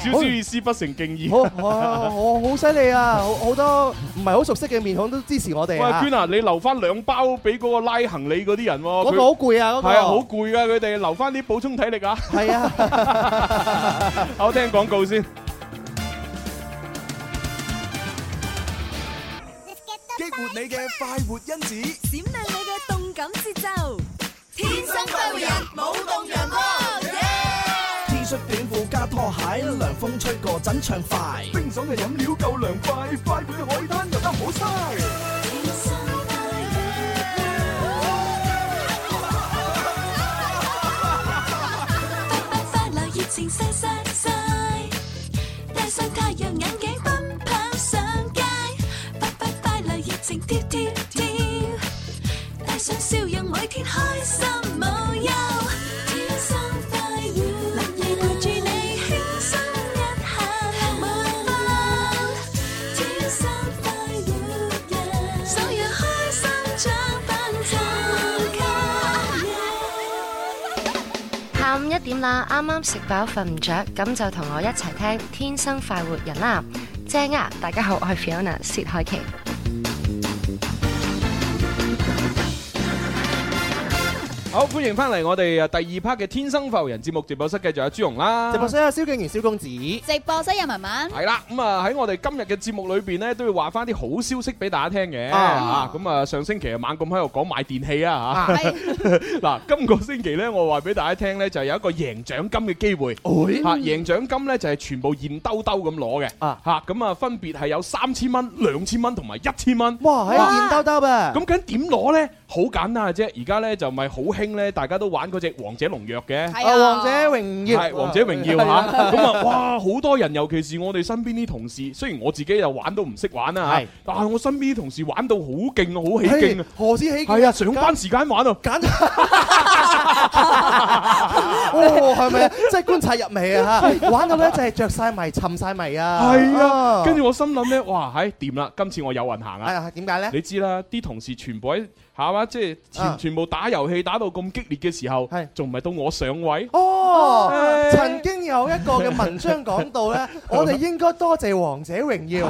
少少意思不成敬意。好 ，我好犀利啊！好多唔係好熟悉嘅面孔都支持我哋啊！娟啊，你留翻兩包俾嗰個拉行李嗰啲人，嗰 個好攰啊，嗰個係啊，好攰啊，佢哋留翻。啲補充體力啊！係啊，我聽廣告先，激活你嘅快活因子，閃亮你嘅動感節奏，天生快活人，舞動陽光，T 恤短褲加拖鞋，涼風吹過真暢快，冰爽嘅飲料夠涼快，快活嘅海灘又得好曬。晒晒晒，戴上太陽眼鏡，奔跑上街，發發快快快樂，熱情跳跳跳，帶上笑容，每天開心。啱啱食飽瞓唔着，咁就同我一齊聽《天生快活人》啦！正啊！大家好，我係 Fiona 薛凱琪。好，歡迎翻嚟我哋啊第二 part 嘅天生快活人節目直播室，繼續有朱紅啦，直播室阿蕭敬瑩蕭公子，直播室有文文，係啦，咁啊喺我哋今日嘅節目裏邊咧，都要話翻啲好消息俾大家聽嘅，啊，咁啊上星期啊猛咁喺度講買電器啊，吓，嗱，今個星期咧我話俾大家聽咧就有一個贏獎金嘅機會，會，啊，贏獎金咧就係全部現兜兜咁攞嘅，啊，吓，咁啊分別係有三千蚊、兩千蚊同埋一千蚊，哇，係啊，現兜兜啊，咁究竟點攞咧？好簡單嘅啫，而家咧就咪好興。大家都玩嗰隻王者農藥嘅，啊，王者榮耀，王者榮耀吓，咁啊，哇，好多人，尤其是我哋身邊啲同事，雖然我自己又玩都唔識玩啊，吓，但係我身邊啲同事玩到好勁，好起勁啊，何止起勁，係啊，上班時間玩啊，簡直，哦，係咪啊，真係觀察入微啊吓，玩到咧就係着晒迷，沉晒迷啊，係啊，跟住我心諗咧，哇，唉，掂啦，今次我有運行啊，點解咧？你知啦，啲同事全部喺係嘛，即係全全部打遊戲打到咁激烈嘅時候，仲唔係到我上位？哦，曾經有一個嘅文章講到咧，我哋應該多謝《王者榮耀》，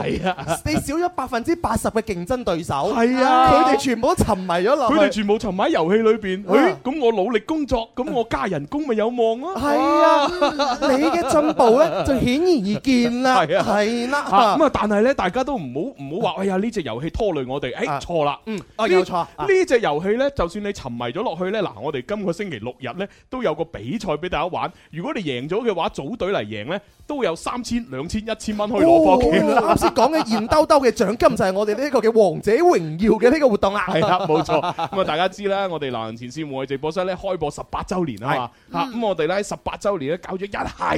你少咗百分之八十嘅競爭對手，係啊，佢哋全部都沉迷咗落去，佢哋全部沉迷喺遊戲裏邊。誒，咁我努力工作，咁我加人工咪有望咯？係啊，你嘅進步咧就顯而易見啦，係啊，係啦。咁啊，但係咧，大家都唔好唔好話，哎呀呢隻遊戲拖累我哋，誒錯啦，嗯，啊有錯。呢隻遊戲呢，就算你沉迷咗落去呢，嗱，我哋今個星期六日呢，都有個比賽俾大家玩。如果你贏咗嘅話，組隊嚟贏呢，都有三千、兩千、哦、一千蚊可以攞。啱先講嘅現兜兜嘅獎金就係我哋呢個嘅王者榮耀嘅呢個活動啊。係啦，冇錯。咁啊，大家知啦，我哋流行前線戶外直播室呢，開播十八周年啊嘛。咁、嗯嗯嗯、我哋呢，十八周年呢，搞咗一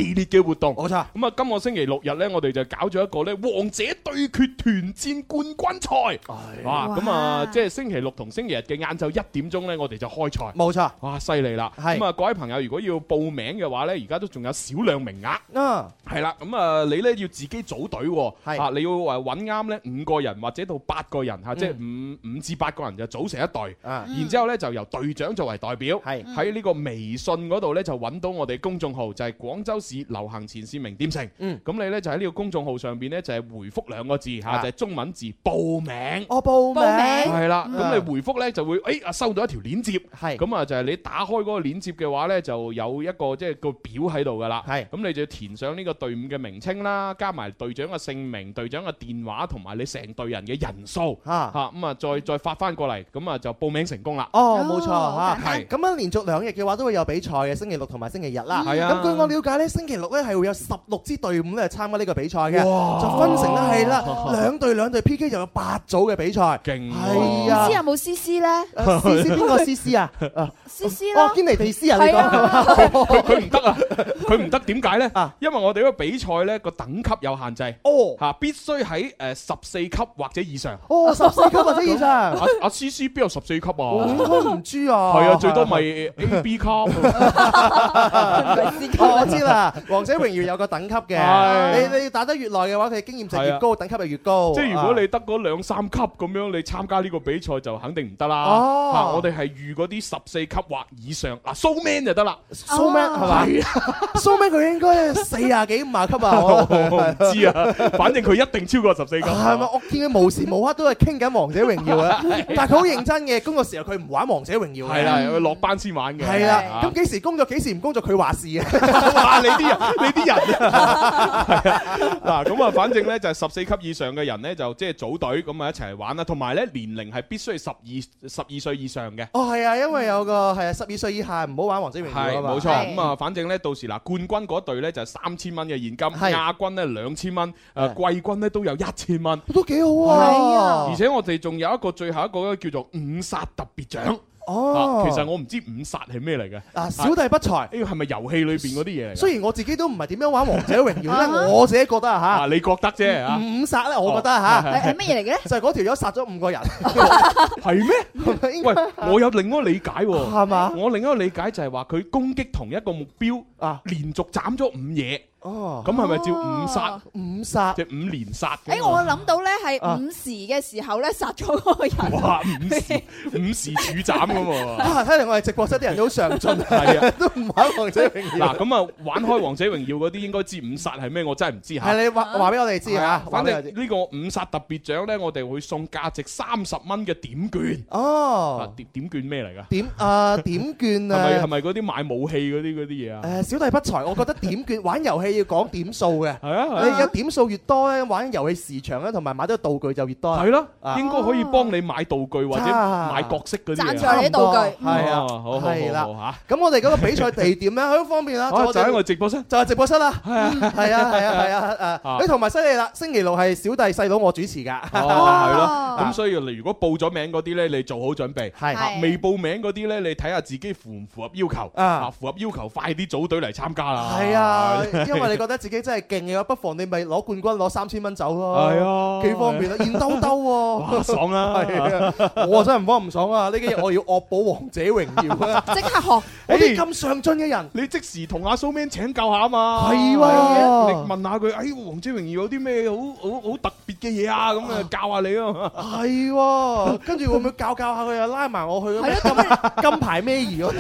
系列嘅活動。冇錯。咁啊、嗯，今個星期六日呢，我哋就搞咗一個呢，《王者對決團戰冠軍賽》。哇，咁啊、嗯，即係星期六同星。今日嘅晏晝一點鐘呢，我哋就開賽，冇錯，哇，犀利啦！咁啊，各位朋友，如果要報名嘅話呢，而家都仲有少量名額，嗯，係啦，咁啊，你呢要自己組隊，係啊，你要揾啱呢五個人或者到八個人吓，即係五五至八個人就組成一隊，然之後呢就由隊長作為代表，係喺呢個微信嗰度呢，就揾到我哋公眾號，就係廣州市流行前線名店城，嗯，咁你呢就喺呢個公眾號上邊呢，就係回復兩個字吓，就係中文字報名，我報報名，係啦，咁你回復。咧就會誒收到一條鏈接，咁啊就係你打開嗰個鏈接嘅話咧，就有一個即係個表喺度噶啦，咁你就要填上呢個隊伍嘅名稱啦，加埋隊長嘅姓名、隊長嘅電話同埋你成隊人嘅人數，嚇，咁啊再再發翻過嚟，咁啊就報名成功啦。哦，冇錯啊，係咁樣連續兩日嘅話都會有比賽嘅，星期六同埋星期日啦。係啊，咁據我了解咧，星期六咧係會有十六支隊伍咧係參加呢個比賽嘅，就分成係啦兩隊兩隊 P.K. 又有八組嘅比賽，勁啊！C 咧 ，C C 邊個 C C 啊？C C 啦，哇，堅尼迪斯啊呢個，佢唔得啊，佢唔得，點解咧？啊，啊呢，因為我哋呢個比賽咧個等級有限制，哦，吓、啊，必須喺誒十四級或者以上。哦，十四級或者以上，阿阿、啊、C C 邊有十四級、啊哦？我唔知啊，係 啊，最多咪 A B 級。我知啦，《王者榮耀》有個等級嘅，你你打得越耐嘅話，佢經驗就越高，啊、等級就越高。啊、即係如果你得嗰兩三級咁樣，你參加呢個比賽就肯定。唔。得啦，啊！我哋係預嗰啲十四級或以上嗱 Soul Man 就得啦，Soul Man 係咪？Soul Man 佢應該四啊幾五啊級啊？我唔知啊，反正佢一定超過十四級。係咪？我見佢無時無刻都係傾緊《王者榮耀》啊，但係佢好認真嘅。工作時候佢唔玩《王者榮耀》，係啦，落班先玩嘅。係啦，咁幾時工作幾時唔工作？佢話事啊。話你啲人，你啲人。嗱咁啊，反正咧就係十四級以上嘅人咧，就即係組隊咁啊一齊玩啦。同埋咧年齡係必須係十二。十二歲以上嘅哦，係啊，因為有個係啊十二歲以下唔好玩王精明《王者榮耀》啊嘛，係冇錯咁啊，反正呢，到時嗱冠軍嗰隊呢就三、是、千蚊嘅現金，亞軍呢兩千蚊，誒季、啊、軍呢都有一千蚊，都幾好啊！啊而且我哋仲有一個最後一個叫做五殺特別獎。哦，其實我唔知五殺係咩嚟嘅。嗱，小弟不才，呢個係咪遊戲裏邊嗰啲嘢？雖然我自己都唔係點樣玩王者榮耀，但係我自己覺得啊。你覺得啫？五殺咧，我覺得嚇係咩嘢嚟嘅咧？就係嗰條友殺咗五個人，係咩？喂，我有另一個理解喎，嘛？我另一個理解就係話佢攻擊同一個目標啊，連續斬咗五嘢。哦，咁係咪叫五殺？五殺即係五連殺嘅。誒，我諗到咧係午時嘅時候咧殺咗嗰個人。哇，午時午時處斬咁啊！睇嚟我哋直播室啲人都好上進，都唔玩王者榮耀。嗱，咁啊玩開王者榮耀嗰啲應該知五殺係咩？我真係唔知吓。係你話話俾我哋知吓。反正呢個五殺特別獎咧，我哋會送價值三十蚊嘅點券。哦，點券咩嚟噶？點啊點券啊？係咪係咪嗰啲買武器嗰啲嗰啲嘢啊？誒，小弟不才，我覺得點券玩遊戲。你要講點數嘅，你有點數越多咧，玩遊戲時長咧，同埋買咗道具就越多。係咯，應該可以幫你買道具或者買角色嗰啲贊助啲道具。係啊，好好好吓。咁我哋嗰個比賽地點咧，好方便啦，就喺我直播室，就係直播室啦。係啊，係啊，係啊，誒，同埋犀利啦，星期六係小弟細佬我主持噶。哦，係咯。咁所以你如果報咗名嗰啲咧，你做好準備。係。未報名嗰啲咧，你睇下自己符唔符合要求。啊。符合要求，快啲組隊嚟參加啦。係啊。因為你覺得自己真係勁嘅話，不妨你咪攞冠軍攞三千蚊走咯，係啊，幾方便啊，現兜兜，爽啊！係啊！我真係唔慌唔爽啊！呢幾日我要惡補《王者榮耀》啊！即刻學我啲咁上進嘅人，你即時同阿蘇明請教下啊嘛！係喎，你問下佢，哎，《王者榮耀》有啲咩好好好特別嘅嘢啊？咁啊，教下你啊！係喎，跟住會唔會教教下佢啊？拉埋我去啊！金牌咩兒啊？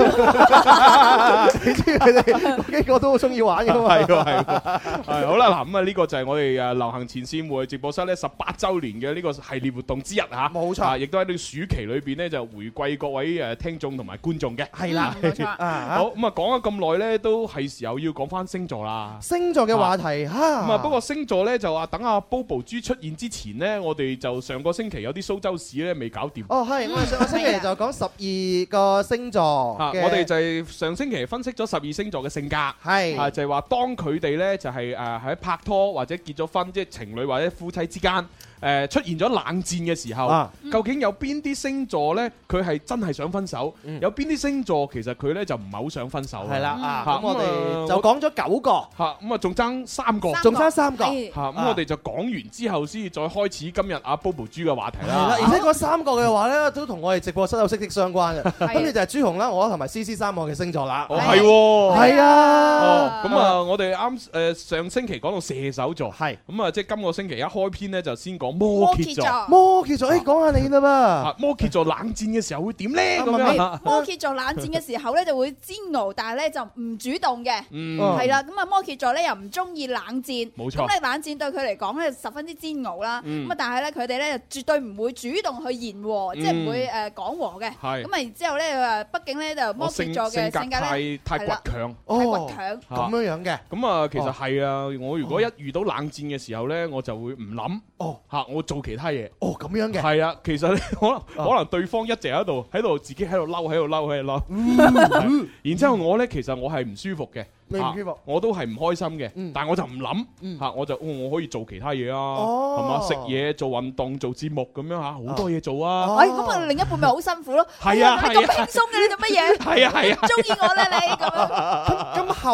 你知佢哋嗰幾個都好中意玩噶嘛？係，係 、嗯嗯、好啦，嗱、嗯、咁、這個、啊，呢個就係我哋誒流行前線會直播室咧十八周年嘅呢個系列活動之一吓，冇、啊、錯，亦、啊、都喺呢個暑期裏邊咧就回饋各位誒聽眾同埋觀眾嘅，係啦、嗯，好咁啊、嗯，講咗咁耐咧，都係時候要講翻星座啦，星座嘅話題吓，咁啊，不過、嗯嗯、星座咧就話等阿、啊、Bobo 豬出現之前呢，我哋就上個星期有啲蘇州市咧未搞掂，哦係、嗯，咁啊上個星期就講十二個星座嘅、啊，我哋就係上星期分析咗十二星座嘅性格，係、啊，啊就係、是、話當佢。佢哋咧就係誒喺拍拖或者結咗婚，即係情侶或者夫妻之間。誒，出現咗冷戰嘅時候，究竟有邊啲星座咧，佢係真係想分手？有邊啲星座其實佢咧就唔係好想分手？係啦，咁我哋就講咗九個，吓咁啊，仲爭三個，仲爭三個，吓咁我哋就講完之後先至再開始今日阿 Bobo 豬嘅話題啦。而且嗰三個嘅話咧，都同我哋直播室有息息相關嘅。咁你就係朱紅啦，我同埋 C C 三個嘅星座啦。係，係啊。咁啊，我哋啱誒上星期講到射手座，係咁啊，即係今個星期一開篇咧就先講。摩羯座，摩羯座，誒，講下你啦噃。摩羯座冷戰嘅時候會點咧？咁啊，摩羯座冷戰嘅時候咧，就會煎熬，但係咧就唔主動嘅，係啦。咁啊，摩羯座咧又唔中意冷戰，冇錯。咁咧冷戰對佢嚟講咧，十分之煎熬啦。咁啊，但係咧，佢哋咧絕對唔會主動去言和，即係唔會誒講和嘅。係。咁啊，然之後咧，畢竟咧就摩羯座嘅性格咧係啦，係啦，太倔強，太倔強，咁樣樣嘅。咁啊，其實係啊，我如果一遇到冷戰嘅時候咧，我就會唔諗。哦。我做其他嘢，哦咁樣嘅，係啊，其實咧可可能對方一直喺度喺度自己喺度嬲喺度嬲喺度嬲，然之後我咧其實我係唔舒服嘅，你唔舒服，我都係唔開心嘅，但係我就唔諗，吓我就我可以做其他嘢啊，係嘛？食嘢做運動做節目咁樣吓，好多嘢做啊，哎，咁啊另一半咪好辛苦咯，係啊，係咁輕鬆嘅你做乜嘢？係啊係啊，中意我咧你咁樣。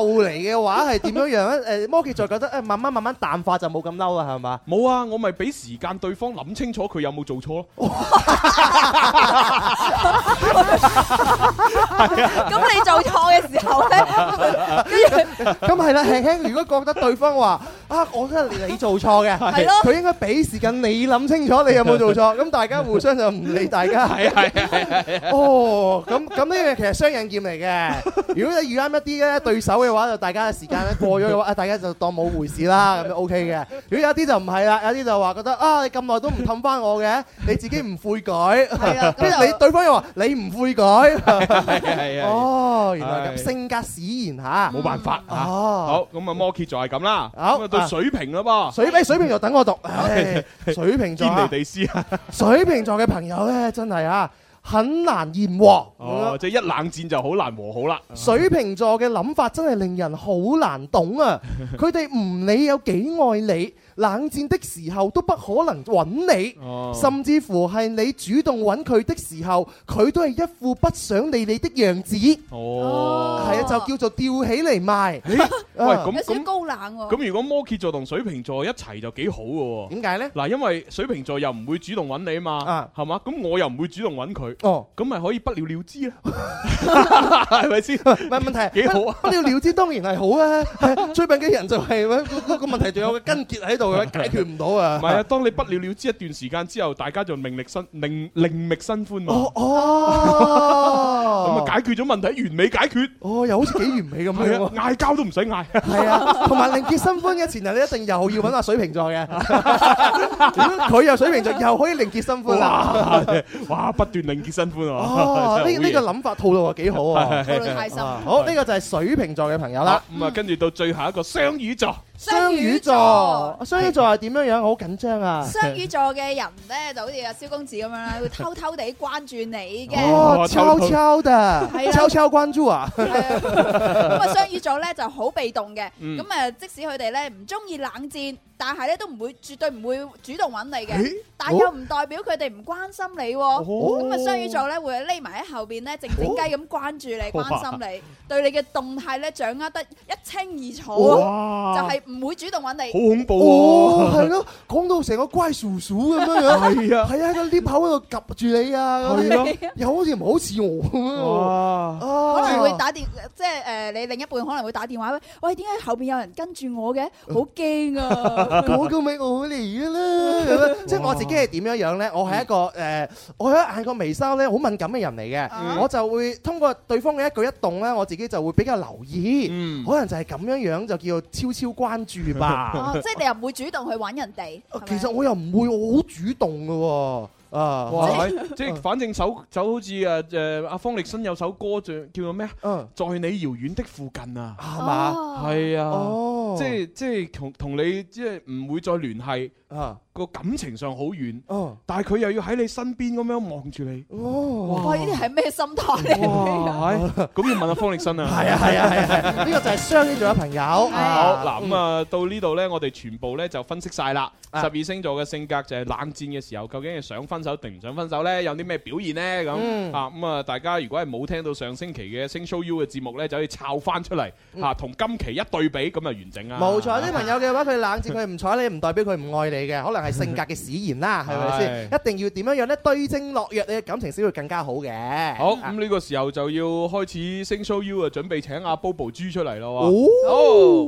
後嚟嘅話係點樣樣咧？誒，摩羯座覺得誒，慢慢慢慢淡化就冇咁嬲啦，係嘛？冇啊，我咪俾時間對方諗清楚佢有冇做錯咯。咁你做錯嘅時候咧，咁係啦，輕輕。Yep> 嗯嗯、如果覺得對方話。啊！我覺得你做錯嘅，係咯，佢應該俾時間你諗清楚，你有冇做錯？咁大家互相就唔理大家，係啊，係哦。咁咁呢樣其實雙刃劍嚟嘅。如果你遇啱一啲咧對手嘅話，就大家嘅時間咧過咗嘅話，啊大家就當冇回事啦，咁就 OK 嘅。如果有一啲就唔係啦，有啲就話覺得啊，你咁耐都唔氹翻我嘅，你自己唔悔改。係啊，跟住你對方又話你唔悔改，係係係哦，原來咁性格使然嚇，冇辦法嚇。哦，好咁啊，摩羯就係咁啦。好。水瓶啦噃，水你水瓶就等我讀，水瓶座啊，水瓶座嘅朋友呢、啊，真係啊，很難言和，哦，嗯、即係一冷戰就好難和好啦。水瓶座嘅諗法真係令人好難懂啊，佢哋唔理有幾愛你。冷戰的時候都不可能搵你，甚至乎係你主動搵佢的時候，佢都係一副不想理你的樣子。哦，係啊，就叫做吊起嚟賣。喂，有少少高冷。咁如果摩羯座同水瓶座一齊就幾好嘅。點解呢？嗱，因為水瓶座又唔會主動搵你嘛，係嘛？咁我又唔會主動搵佢。哦，咁咪可以不了了之咧？係咪先？唔係問題，幾好啊？不了了之當然係好啊。追病嘅人就係，個問題仲有個根結喺度。解決唔到啊！唔係啊，當你不了了之一段時間之後，大家就另覓新另另覓新歡喎。哦哦，咁啊解決咗問題，完美解決。哦，又好似幾完美咁樣，嗌交都唔使嗌。係啊，同埋另結新歡嘅前提，你一定又要搵下水瓶座嘅。佢又水瓶座，又可以另結新歡。哇哇，不斷另結新歡啊！哦，呢呢個諗法套路啊，幾好啊！好開心！好，呢個就係水瓶座嘅朋友啦。咁啊，跟住到最後一個雙魚座。雙魚座，雙魚座係點樣樣？好緊張啊！雙魚座嘅人咧，就好似阿蕭公子咁樣啦，會偷偷地關注你嘅。哦，悄悄嘅，悄悄 關注啊！咁啊，雙 魚座咧就好被動嘅，咁啊、嗯，即使佢哋咧唔中意冷戰。但係咧都唔會，絕對唔會主動揾你嘅。但又唔代表佢哋唔關心你。咁啊，雙魚座咧會匿埋喺後邊咧，靜靜雞咁關注你、關心你，對你嘅動態咧掌握得一清二楚。就係唔會主動揾你。好恐怖啊！係咯，講到成個乖叔叔咁樣樣。係啊，係啊，個匿口喺度夾住你啊，咁樣，又好似唔好似我可能啊，會打電，即係誒，你另一半可能會打電話喂，點解後邊有人跟住我嘅？好驚啊！我嘅未五年啦，啊、即係我自己係點樣樣咧？我係一個誒、嗯呃，我係一個眼角眉梢咧好敏感嘅人嚟嘅，啊、我就會通過對方嘅一舉一動咧，我自己就會比較留意。嗯、可能就係咁樣樣，就叫超超關注吧、啊。啊、即係你又唔會主動去搵人哋。啊、是是其實我又唔會，我好主動嘅、啊。啊，即係反正就就好似啊，誒，阿方力申有首歌叫叫做咩啊？在你遙遠的附近啊，係嘛？係啊，即係即係同同你即係唔會再聯繫啊，個感情上好遠，但係佢又要喺你身邊咁樣望住你。哇！呢啲係咩心態咧？咁要問阿方力申啦。係啊係啊係啊，呢個就係雙子座嘅朋友。好，嗱咁啊到呢度咧，我哋全部咧就分析晒啦。十二星座嘅性格就係冷戰嘅時候，究竟係想分？分手定唔想分手呢，有啲咩表現呢？咁啊，咁啊，大家如果係冇聽到上星期嘅《Sing Show U》嘅節目呢，就可以抄翻出嚟吓，同今期一對比，咁啊完整啊！冇錯，啲朋友嘅話，佢冷靜，佢唔睬你，唔代表佢唔愛你嘅，可能係性格嘅使然啦，係咪先？一定要點樣樣呢？對症落藥，你嘅感情先會更加好嘅。好，咁呢個時候就要開始《Sing Show U》啊，準備請阿 Bobo 豬出嚟咯。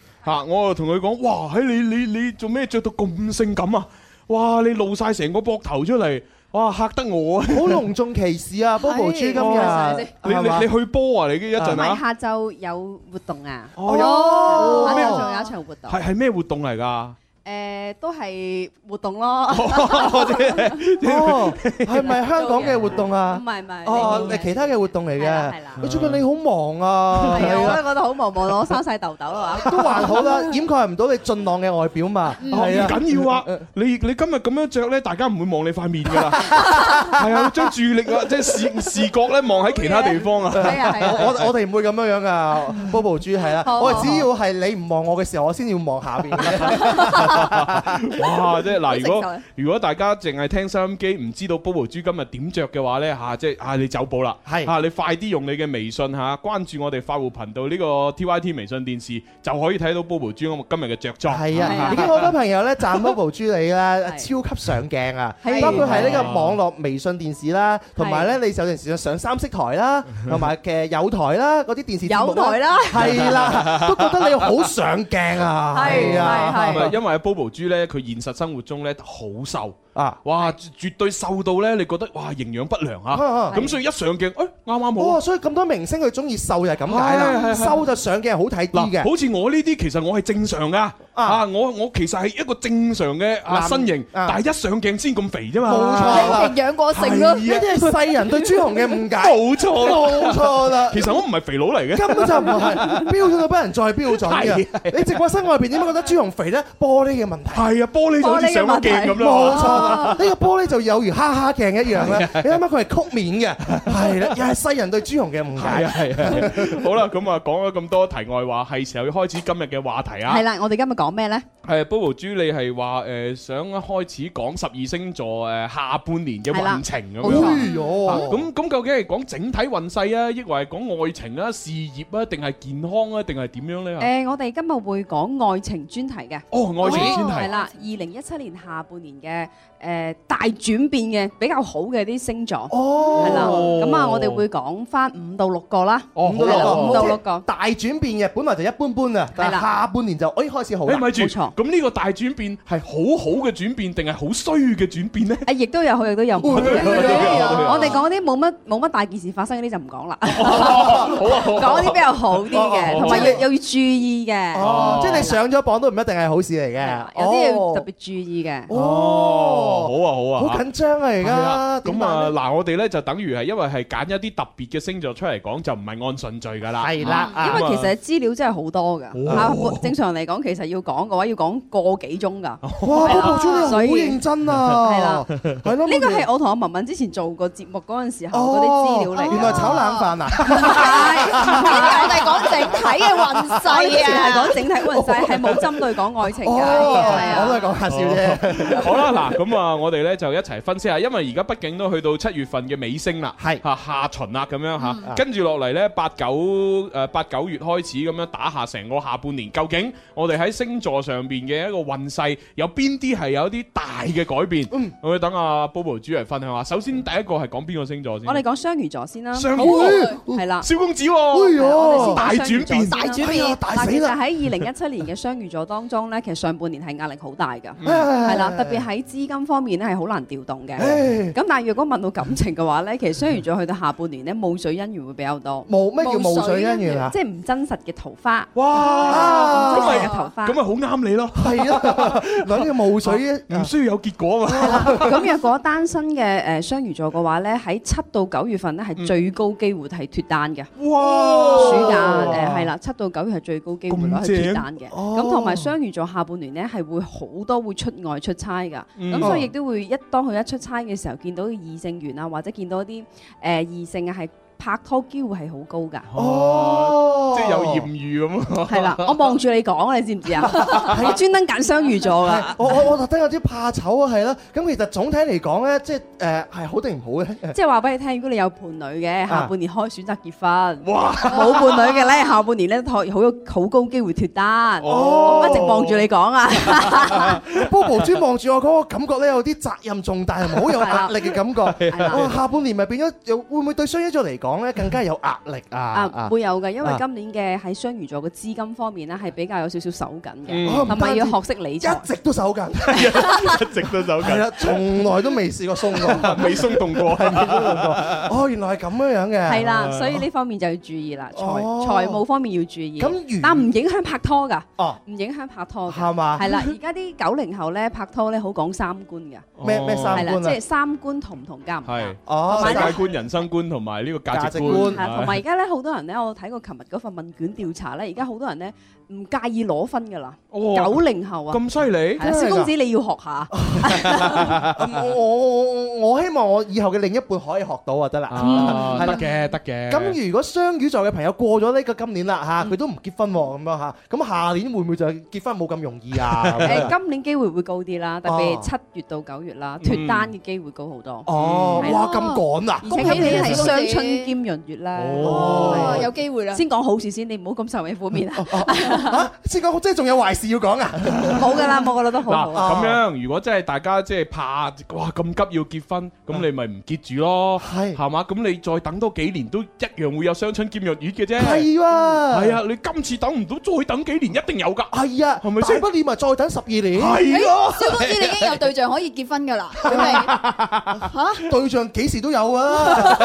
吓、啊，我又同佢講，哇！喺你你你做咩着到咁性感啊？哇！你露晒成個膊頭出嚟，哇！嚇得我啊！好隆重其事啊！Bobo 朱金啊！你你你去波啊！你依一陣啊！下晝有活動啊！哦，今日仲有一場活動，係係咩活動嚟㗎？誒都係活動咯，哦係咪香港嘅活動啊？唔係唔係，不是不是哦係其他嘅活動嚟嘅。係啦，最近你好忙啊，係啊 ，我都覺得好忙，忙到我生晒痘痘啊，都還好啦，掩蓋唔到你俊朗嘅外表嘛，唔 、哦、緊要啊，你你今日咁樣着咧，大家唔會望你塊面㗎啦，係啊 ，將注意力啊，即係視視覺咧望喺其他地方啊 ，我我哋唔會咁樣樣㗎，Bobo 豬係啦，我，寶寶我只要係你唔望我嘅時候，我先要望下邊。哇！即係嗱，如果如果大家淨係聽收音機，唔知道 Bobo 豬今日點着嘅話咧嚇，即係啊你走寶啦！係嚇，你快啲用你嘅微信嚇關注我哋快活頻道呢個 T Y T 微信電視，就可以睇到 Bobo 豬我今日嘅着裝。係啊，已經好多朋友咧讚 Bobo 豬你啦，超級上鏡啊！包括係呢個網絡微信電視啦，同埋咧你有陣時上三色台啦，同埋嘅有台啦嗰啲電視有台啦，係啦，都覺得你好上鏡啊！係啊，係因為。bobo 豬咧，佢現實生活中咧好瘦。啊，哇，絕對瘦到咧，你覺得哇營養不良啊？咁所以一上鏡，誒，啱啱好。哇，所以咁多明星佢中意瘦就係咁解啦，瘦就上鏡係好睇啲嘅。好似我呢啲其實我係正常噶，啊，我我其實係一個正常嘅身形，但係一上鏡先咁肥啫嘛。冇錯，營養過剩咯。呢啲係世人對朱紅嘅誤解。冇錯，冇錯啦。其實我唔係肥佬嚟嘅。根本就唔係標準，俾人再標準。睇，你直播身外邊點解覺得朱紅肥咧？玻璃嘅問題。係啊，玻璃就好似上鏡咁樣。呢個玻璃就有如哈哈鏡一樣啦，你諗下，佢係曲面嘅，係啦，又係世人對朱紅嘅誤解。係啊係啊，好啦，咁啊講咗咁多題外話，係時候要開始今日嘅話題啊！係啦，我哋今日講咩咧？係，Bubble 朱，你係話誒想開始講十二星座誒下半年嘅運程咁啊？哎呦，咁咁究竟係講整體運勢啊，抑或係講愛情啊、事業啊，定係健康啊，定係點樣咧？誒，我哋今日會講愛情專題嘅。哦，愛情專題係啦，二零一七年下半年嘅。誒大轉變嘅比較好嘅啲星座，係啦，咁啊，我哋會講翻五到六個啦，五到六個大轉變嘅，本來就一般般啊，係啦，下半年就咦開始好啦，冇錯。咁呢個大轉變係好好嘅轉變，定係好衰嘅轉變咧？亦都有好，亦都有好。我哋講啲冇乜冇乜大件事發生嗰啲就唔講啦，講啲比較好啲嘅，同埋要又要注意嘅。即係你上咗榜都唔一定係好事嚟嘅，有啲要特別注意嘅。哦。好啊好啊，好緊張啊，而家。咁啊嗱，我哋咧就等於係因為係揀一啲特別嘅星座出嚟講，就唔係按順序噶啦。係啦。因為其實資料真係好多噶。啊，正常嚟講其實要講嘅話要講個幾鐘噶。哇，個部資料好認真啊。係啦，係咯。呢個係我同阿文文之前做過節目嗰陣時候嗰啲資料嚟。原來炒冷飯啊！唔係，我哋講整體嘅運勢啊。我以前係講整體運勢，係冇針對講愛情㗎。我都係講下笑啫。好啦，嗱咁啊。啊！我哋咧就一齊分析下，因為而家畢竟都去到七月份嘅尾聲啦，係吓下旬啦，咁樣吓，跟住落嚟咧八九誒八九月開始咁樣打下成個下半年，究竟我哋喺星座上邊嘅一個運勢有邊啲係有啲大嘅改變？嗯，我哋等阿 Bobo 主嚟分享下。首先第一個係講邊個星座先？我哋講雙魚座先啦，好係啦，蕭公子，哎大轉變，大轉變。嗱，其實喺二零一七年嘅雙魚座當中咧，其實上半年係壓力好大噶，係啦，特別喺資金。方面咧係好難調動嘅，咁但係若果問到感情嘅話咧，其實雙魚座去到下半年咧，霧水姻緣會比較多。冇咩叫霧水姻緣啊？即係唔真實嘅桃花。哇！唔真實嘅桃花。咁咪好啱你咯。係啊，嗱呢個霧水咧，唔需要有結果嘛。咁如果單身嘅誒雙魚座嘅話咧，喺七到九月份咧係最高機會係脱單嘅。哇！暑假誒係啦，七到九月係最高機會去脱單嘅。咁同埋雙魚座下半年咧係會好多會出外出差㗎。咁所以。亦都會一當佢一出差嘅時候，見到異性緣啊，或者見到啲誒異性啊，係。拍拖機會係好高㗎，哦，即係有豔遇咁咯。係啦 ，我望住你講，你知唔知啊？係專登揀雙魚座㗎 。我我我特登有啲怕醜啊，係咯。咁其實總體嚟講咧，即係誒係好定唔好嘅？即係話俾你聽，如果你有伴侶嘅下半年可以選擇結婚。啊、哇！冇伴侶嘅咧，下半年咧好有好高機會脱單、哦哦。哦，一直望住你講啊。不過無端端望住我嗰個感覺咧，有啲責任重大，係咪好有壓力嘅感覺？哦 ，下半年咪變咗，又會唔會對雙魚座嚟講？講咧更加有壓力啊！啊，會有嘅，因為今年嘅喺雙魚座嘅資金方面咧，係比較有少少手緊嘅，係咪要學識理財？一直都手緊，一直都手緊，係啦，從來都未試過鬆過，未鬆動過，係未鬆動過。哦，原來係咁樣樣嘅。係啦，所以呢方面就要注意啦，財財務方面要注意。咁但唔影響拍拖㗎，哦，唔影響拍拖㗎，係嘛？係啦，而家啲九零後咧拍拖咧好講三觀㗎，咩咩三觀啊？即係三觀同唔同，夾唔夾？係哦，世界觀、人生觀同埋呢個價。價值觀，同埋而家咧，好多人咧，我睇過琴日嗰份問卷調查咧，而家好多人咧。唔介意攞分噶啦，九零後啊，咁犀利，小公子你要學下。我我我希望我以後嘅另一半可以學到啊，得啦，得嘅得嘅。咁如果雙魚座嘅朋友過咗呢個今年啦嚇，佢都唔結婚喎，咁樣嚇，咁下年會唔會就結婚冇咁容易啊？誒，今年機會會高啲啦，特別係七月到九月啦，脫單嘅機會高好多。哦，哇，咁趕啊！恭喜你係雙春兼閏月啦，哦，有機會啦。先講好事先，你唔好咁愁眉苦面啊！啊！先講，即係仲有壞事要講啊！冇㗎啦，我覺得都好。嗱，咁樣如果真係大家即係怕，哇咁急要結婚，咁你咪唔結住咯？係係嘛？咁你再等多幾年，都一樣會有雙春兼閏月嘅啫。係喎。係啊！你今次等唔到，再等幾年一定有㗎。係啊，係咪先？不料咪再等十二年。係咯。小公子你已經有對象可以結婚㗎啦，係咪？嚇！對象幾時都有啊？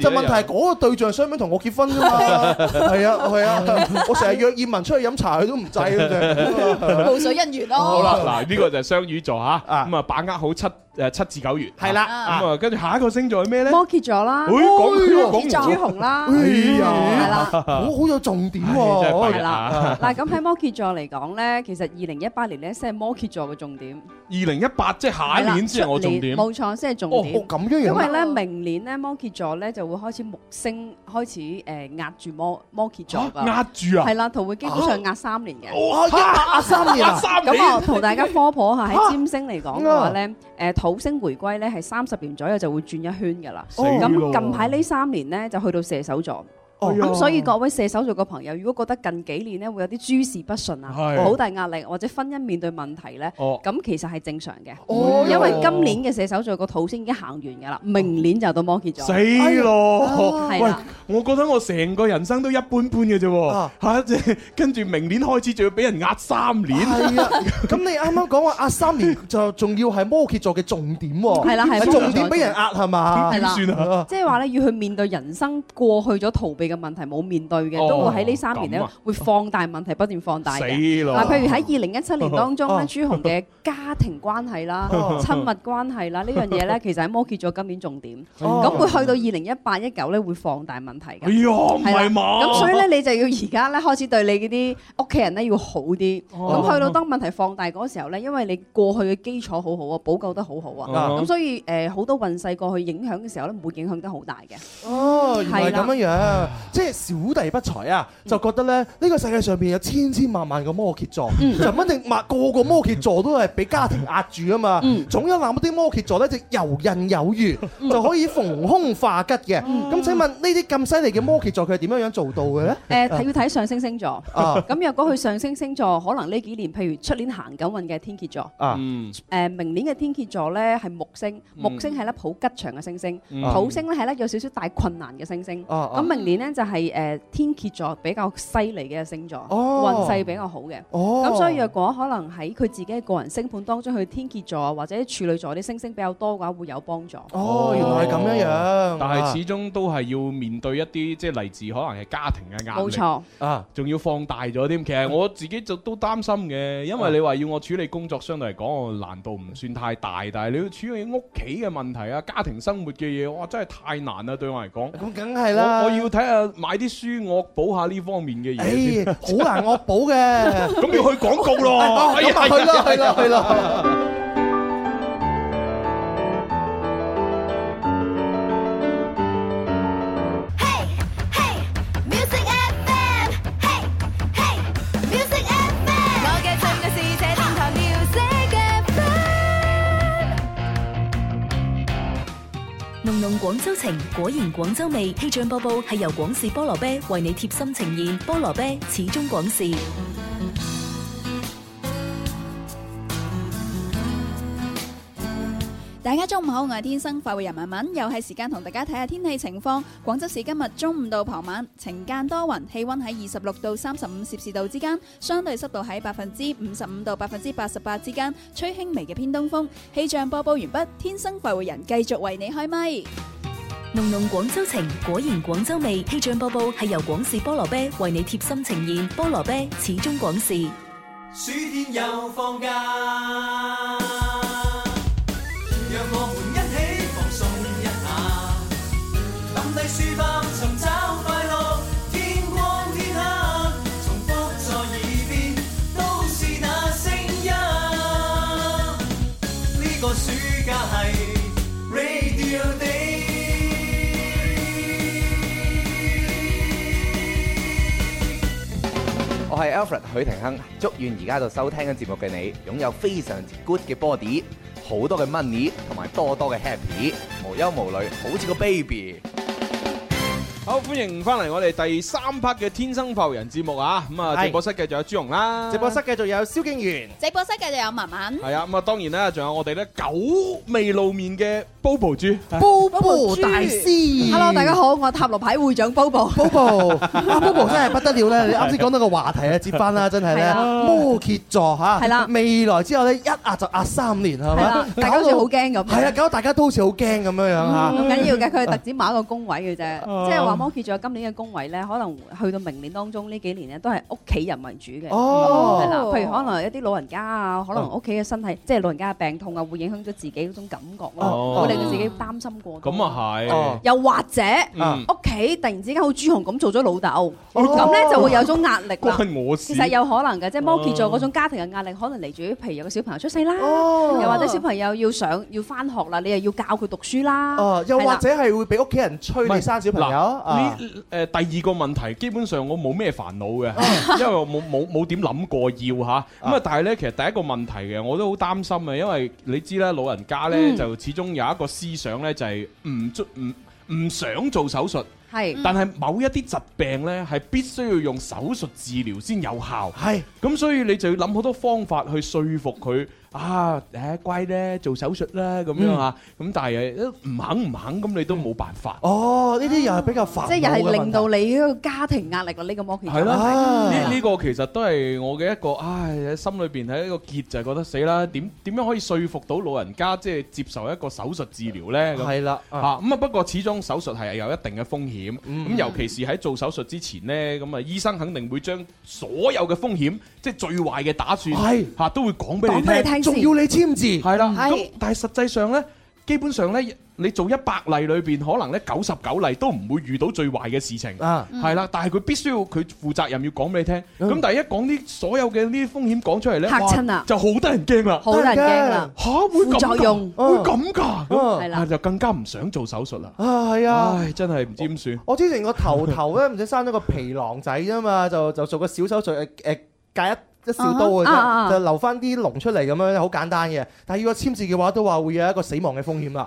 就問題係嗰個對象想唔想同我結婚㗎嘛？係啊係啊！我成日約葉文出去飲。查佢都唔制，冇水姻緣咯。好啦，嗱，呢個就係雙魚座吓。咁 啊把握好七。誒七至九月係啦，咁啊跟住下一個星座係咩咧？摩羯座啦，講佢講豬紅啦，係啦，好好有重點喎，係啦。嗱咁喺摩羯座嚟講咧，其實二零一八年咧先係摩羯座嘅重點。二零一八即係下一年先係我重點，冇錯先係重點。哦，咁樣樣，因為咧明年咧摩羯座咧就會開始木星開始誒壓住摩摩羯座㗎，壓住啊，係啦，會基本上壓三年嘅。哇！壓壓三年啊！咁我同大家科普下喺占星嚟講嘅話咧，誒圖。五星回歸咧，係三十年左右就會轉一圈噶啦。咁近排呢三年咧，就去到射手座。咁所以各位射手座嘅朋友，如果覺得近幾年咧會有啲諸事不順啊，好大壓力，或者婚姻面對問題咧，咁其實係正常嘅。哦，因為今年嘅射手座個土星已經行完㗎啦，明年就到摩羯座。死咯！係我覺得我成個人生都一般般嘅啫，嚇！即係跟住明年開始，仲要俾人壓三年。係啊，咁你啱啱講話壓三年，就仲要係摩羯座嘅重點喎。係啦係啦，重點俾人壓係嘛？點算啊？即係話咧，要去面對人生過去咗逃避嘅問題冇面對嘅，都會喺呢三年咧會放大問題，不斷放大嗱，譬如喺二零一七年當中咧，朱紅嘅家庭關係啦、親密關係啦呢樣嘢咧，其實係摩羯咗今年重點。咁會去到二零一八一九咧，會放大問題嘅。哎呀，唔係嘛？咁所以咧，你就要而家咧開始對你嗰啲屋企人咧要好啲。咁去到當問題放大嗰時候咧，因為你過去嘅基礎好好啊，補救得好好啊。咁所以誒，好多運勢過去影響嘅時候咧，唔會影響得好大嘅。哦，係咁樣。即係小弟不才啊，就覺得咧，呢個世界上邊有千千萬萬個摩羯座，就唔一定，個個摩羯座都係俾家庭壓住啊嘛。總有那麼啲摩羯座咧，就遊刃有餘，就可以逢凶化吉嘅。咁請問呢啲咁犀利嘅摩羯座，佢係點樣樣做到嘅咧？誒，睇要睇上升星座。咁若果佢上升星座，可能呢幾年，譬如出年行緊運嘅天蠍座。嗯。誒，明年嘅天蠍座咧係木星，木星係粒好吉祥嘅星星，土星咧係粒有少少大困難嘅星星。哦，咁明年咧？就係誒天蠍座比較犀利嘅星座，運勢比較好嘅。咁所以若果可能喺佢自己個人星盤當中，佢天蠍座或者處女座啲星星比較多嘅話，會有幫助。哦，原來係咁樣樣。但係始終都係要面對一啲即係嚟自可能係家庭嘅壓力。冇錯啊，仲要放大咗添。其實我自己就都擔心嘅，因為你話要我處理工作相對嚟講，我難度唔算太大。但係你要處理屋企嘅問題啊，家庭生活嘅嘢，哇，真係太難啦！對我嚟講，咁梗係啦，我要睇下。買啲書惡補下呢方面嘅嘢，好、欸、難惡補嘅。咁 要去廣告咯，啊、去啦，去啦。係咯。濃廣州情果然廣州味，氣象報告係由廣氏菠蘿啤為你貼心呈現，菠蘿啤始終廣氏。大家中午好，我係天生快活人文，文文，又係時間同大家睇下天氣情況。廣州市今日中午到傍晚晴間多雲，氣溫喺二十六到三十五攝氏度之間，相對濕度喺百分之五十五到百分之八十八之間，吹輕微嘅偏東風。氣象播報完畢，天生快活人繼續為你開咪。濃濃廣州情，果然廣州味。氣象播報係由廣視菠蘿啤為你貼心呈現，菠蘿啤始終廣視。暑天又放假。讓我們一起放鬆一下，揼低書包。我係 Alfred 許廷鏗，祝願而家度收聽嘅節目嘅你，擁有非常之 good 嘅 body，好多嘅 money，同埋多多嘅 happy，無憂無慮，好似個 baby。好，歡迎翻嚟我哋第三 part 嘅天生快活人節目啊！咁啊，直播室繼續有朱紅啦，直播室繼續有蕭敬源，直播室繼續有文文。係啊，咁啊，當然啦，仲有我哋咧久未露面嘅。Bobo 豬，Bobo 大師，Hello，大家好，我係塔羅牌會長 Bobo，Bobo 啊 Bobo 真係不得了咧！你啱先講到個話題啊，接翻啦，真係咧摩羯座吓，係啦，未來之後咧一壓就壓三年吓，係咪？搞到好似好驚咁，係啊，搞到大家都好似好驚咁樣樣，咁緊要嘅佢係特指某一個工位嘅啫，即係話摩羯座今年嘅工位咧，可能去到明年當中呢幾年咧都係屋企人為主嘅，嗱，譬如可能一啲老人家啊，可能屋企嘅身體，即係老人家嘅病痛啊，會影響咗自己嗰種感覺咯。自己擔心過，咁啊係，又或者屋企突然之間好朱紅咁做咗老豆，咁咧就會有種壓力啦。其實有可能嘅，即係摩羯座嗰種家庭嘅壓力，可能嚟住啲，譬如有個小朋友出世啦，又或者小朋友要上要翻學啦，你又要教佢讀書啦，又或者係會俾屋企人催你生小朋友。嗱，誒第二個問題，基本上我冇咩煩惱嘅，因為我冇冇冇點諗過要嚇。咁啊，但係咧，其實第一個問題嘅我都好擔心嘅，因為你知啦老人家咧就始終有一個思想呢就係唔就唔唔想做手術，係，但係某一啲疾病呢係必須要用手術治療先有效，係 ，咁所以你就要諗好多方法去說服佢。啊，誒，乖咧，做手術咧，咁樣啊，咁但係都唔肯唔肯，咁你都冇辦法。哦，呢啲又係比較煩。即係又係令到你一個家庭壓力咯，呢個 mortgage。係咯，呢呢個其實都係我嘅一個，唉，喺心裏邊係一個結，就係覺得死啦，點點樣可以説服到老人家即係接受一個手術治療咧？係啦，嚇咁啊！不過始終手術係有一定嘅風險，咁尤其是喺做手術之前咧，咁啊醫生肯定會將所有嘅風險，即係最壞嘅打算，嚇都會講俾你聽。仲要你簽字，係啦。咁但係實際上咧，基本上咧，你做一百例裏邊，可能咧九十九例都唔會遇到最壞嘅事情。啊，係啦。但係佢必須要佢負責任，要講俾你聽。咁但係一講啲所有嘅呢啲風險講出嚟咧，嚇親啊，就好得人驚啦，好得人驚啦。嚇會咁？副作用會咁㗎？係啦，就更加唔想做手術啦。啊，係啊，真係唔知點算。我之前個頭頭咧，唔知生咗個皮囊仔吖嘛，就就做個小手術，誒誒戒一。一小刀嘅啫，就留翻啲窿出嚟咁樣，好簡單嘅。但係如果簽字嘅話，都話會有一個死亡嘅風險啦。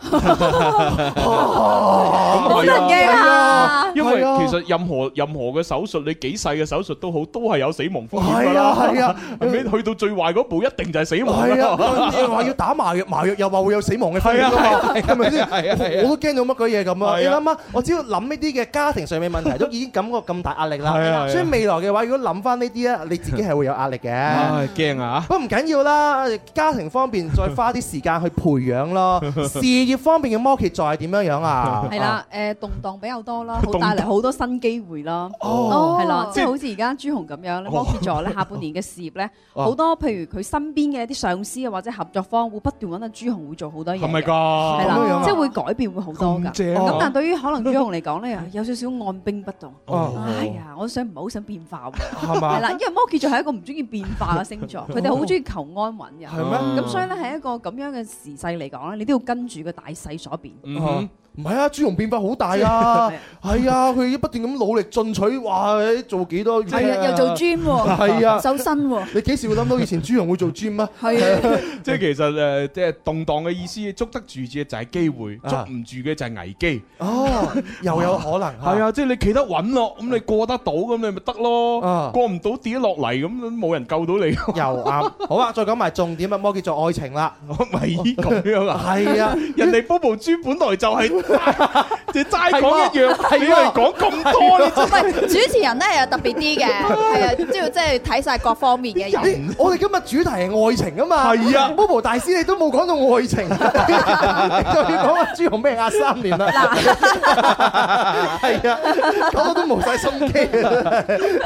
咁好驚啊，因為其實任何任何嘅手術，你幾細嘅手術都好，都係有死亡風險㗎啦。係啊，你去到最壞嗰步，一定就係死亡。係啊，又話要打麻藥，麻藥又話會有死亡嘅風險㗎嘛，係咪先？係啊，我都驚到乜鬼嘢咁啊！你諗下，我只要諗呢啲嘅家庭上面問題，都已經感覺咁大壓力啦。係啊，所以未來嘅話，如果諗翻呢啲咧，你自己係會有壓力嘅。唉，驚啊！不過唔緊要啦，家庭方面再花啲時間去培養咯。事業方面嘅摩羯座係點樣樣啊？係啦，誒動盪比較多啦，好帶嚟好多新機會咯。哦，係啦，即係好似而家朱紅咁樣，摩羯座咧下半年嘅事業咧，好多譬如佢身邊嘅一啲上司啊，或者合作方會不斷揾到朱紅會做好多嘢。係咪㗎？係即係會改變會好多㗎。好正啊！咁但係對於可能朱紅嚟講咧，有少少按兵不動。哦，係啊，我想唔係好想變化喎。係嘛？係啦，因為摩羯座係一個唔中意。變化嘅星座，佢哋好中意求安穩嘅，咁 <係咩？>所以咧，係一個咁樣嘅時勢嚟講咧，你都要跟住個大勢所變。嗯。唔係啊，朱融變化好大啊，係啊，佢不斷咁努力進取，話做幾多係啊，又做 gym 係啊，修身。你幾時會諗到以前朱融會做 gym 啊？係啊，即係其實誒，即係動蕩嘅意思，捉得住嘅就係機會，捉唔住嘅就係危機。哦，又有可能係啊，即係你企得穩咯，咁你過得到咁你咪得咯，過唔到跌落嚟咁冇人救到你。又啱，好啊，再講埋重點啊，乜叫做愛情啦？我咪咁樣啊？係啊，人哋波波豬本來就係。就齋講一樣，你講咁多你知唔係主持人咧，又特別啲嘅，係啊，要即係睇晒各方面嘅人。我哋今日主題係愛情啊嘛。係啊，Bobo 大師你都冇講到愛情，就要講阿朱紅咩壓三年啦。係啊，我都冇晒心機，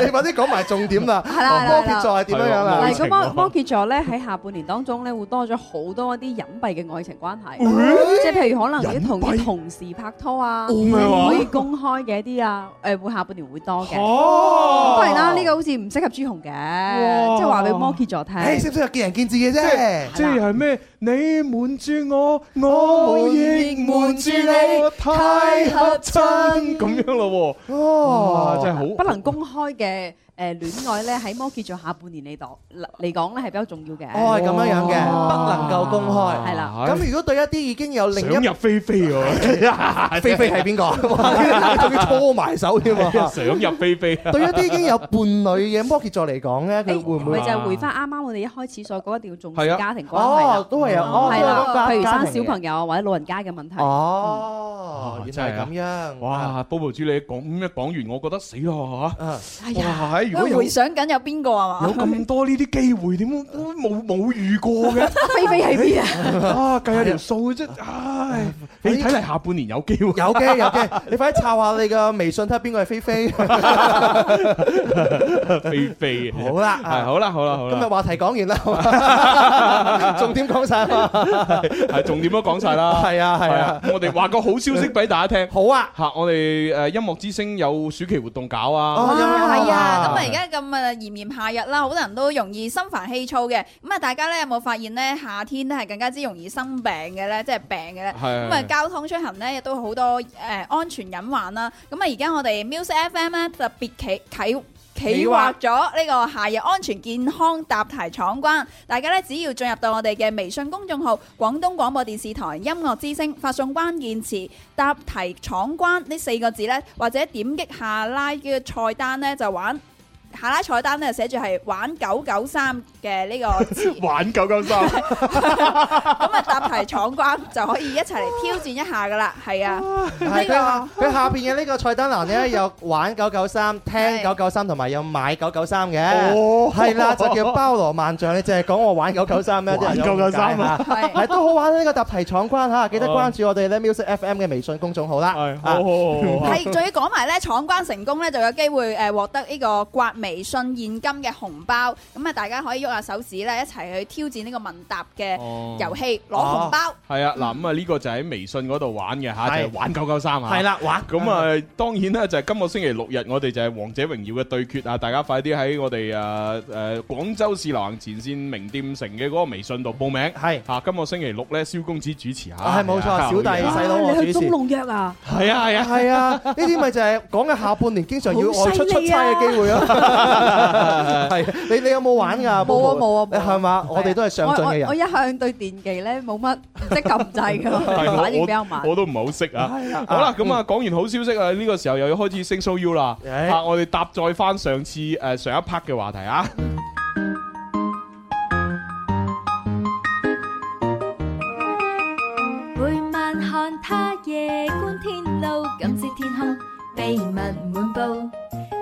你快啲講埋重點啦。係啦，摩羯座係點樣樣啊？嗱，如果摩摩羯座咧喺下半年當中咧，會多咗好多一啲隱蔽嘅愛情關係。即係譬如可能啲同同。同時拍拖啊，唔可以公開嘅啲啊，誒會 下半年會多嘅。哦、啊，當然啦，呢、這個好似唔適合朱紅嘅，啊、即係話俾摩羯座聽。誒、欸，識唔識見仁見智嘅啫？即係咩？你瞞住我，我亦瞞住你，太合襯咁樣咯喎、啊！哇、啊啊，真係好，不能公開嘅。誒，戀愛咧，喺摩羯座下半年呢度嚟講咧，係比較重要嘅。我係咁樣樣嘅，不能夠公開。係啦。咁如果對一啲已經有想入非非嘅，非非係邊個？仲要拖埋手添啊！想入非非。對一啲已經有伴侶嘅摩羯座嚟講咧，你會唔會？咪就係回翻啱啱我哋一開始所講，一定要重視家庭關係。係啊。哦，都係啊。係啦。譬如生小朋友或者老人家嘅問題。哦，原來係咁樣。哇，Bobo 主，你講咩講完，我覺得死咯嚇。係啊。哇，係。佢回想緊有邊個啊嘛？有咁多呢啲機會，點都冇冇遇過嘅？菲菲係邊啊？啊，計下條數啫！啊，你睇嚟下半年有機會？有機，有機，你快啲查下你嘅微信睇下邊個係菲菲？菲菲，好啦，好啦，好啦，好啦，今日話題講完啦，重點講曬，係重點都講曬啦，係啊，係啊，我哋話個好消息俾大家聽，好啊！嚇，我哋誒音樂之星有暑期活動搞啊！哦，係啊。咁啊，而家咁啊炎炎夏日啦，好多人都容易心煩氣躁嘅。咁啊，大家咧有冇發現咧，夏天咧係更加之容易生病嘅咧，即係病嘅咧。係。咁啊，交通出行咧亦都好多誒安全隱患啦。咁啊，而家我哋 Music FM 咧特別企企企劃咗呢個夏日安全健康答題闖關。大家咧只要進入到我哋嘅微信公眾號廣東廣播電視台音樂之聲，發送關鍵詞答題闖關呢四個字咧，或者點擊下拉嘅菜單咧就玩下拉菜單咧，寫住係玩九九三嘅呢個玩九九三，咁啊答題闖關就可以一齊嚟挑戰一下噶啦，係啊 ，係啊，佢 下邊嘅呢個菜單欄咧有玩九九三、聽九九三同埋有買九九三嘅，哦，係啦、oh.，就叫包羅萬象。你淨係講我玩九九三咩？玩九九三啊，係都好玩呢、呢個答題闖關嚇，記得關注我哋咧 Music FM 嘅微信公眾號啦，係好好好，係仲要講埋咧闖關成功咧就有機會誒獲得呢個刮名。微信現金嘅紅包，咁啊大家可以喐下手指咧，一齊去挑戰呢個問答嘅遊戲攞紅包。係啊，嗱咁啊呢個就喺微信嗰度玩嘅嚇，就玩九九三啊。係啦，玩。咁啊當然啦，就係今個星期六日，我哋就係《王者榮耀》嘅對決啊！大家快啲喺我哋啊誒廣州市流行前線名店城嘅嗰個微信度報名。係嚇，今個星期六咧，蕭公子主持嚇。係冇錯，小弟，我細佬去。中農藥啊！係啊係啊係啊！呢啲咪就係講嘅下半年經常要外出出差嘅機會咯。係 ，你你有冇玩噶？冇啊冇啊，係嘛？我哋都係上進嘅人 我一向對電技咧冇乜即係撳掣咁，你比較慢，我都唔係好識啊。好啦，咁啊，講完好消息啊，呢、這個時候又要開始升 show u 啦。吓、啊，我哋搭載翻上次誒上一 part 嘅話題啊。每晚看他夜觀天路，感知天空，秘密滿布。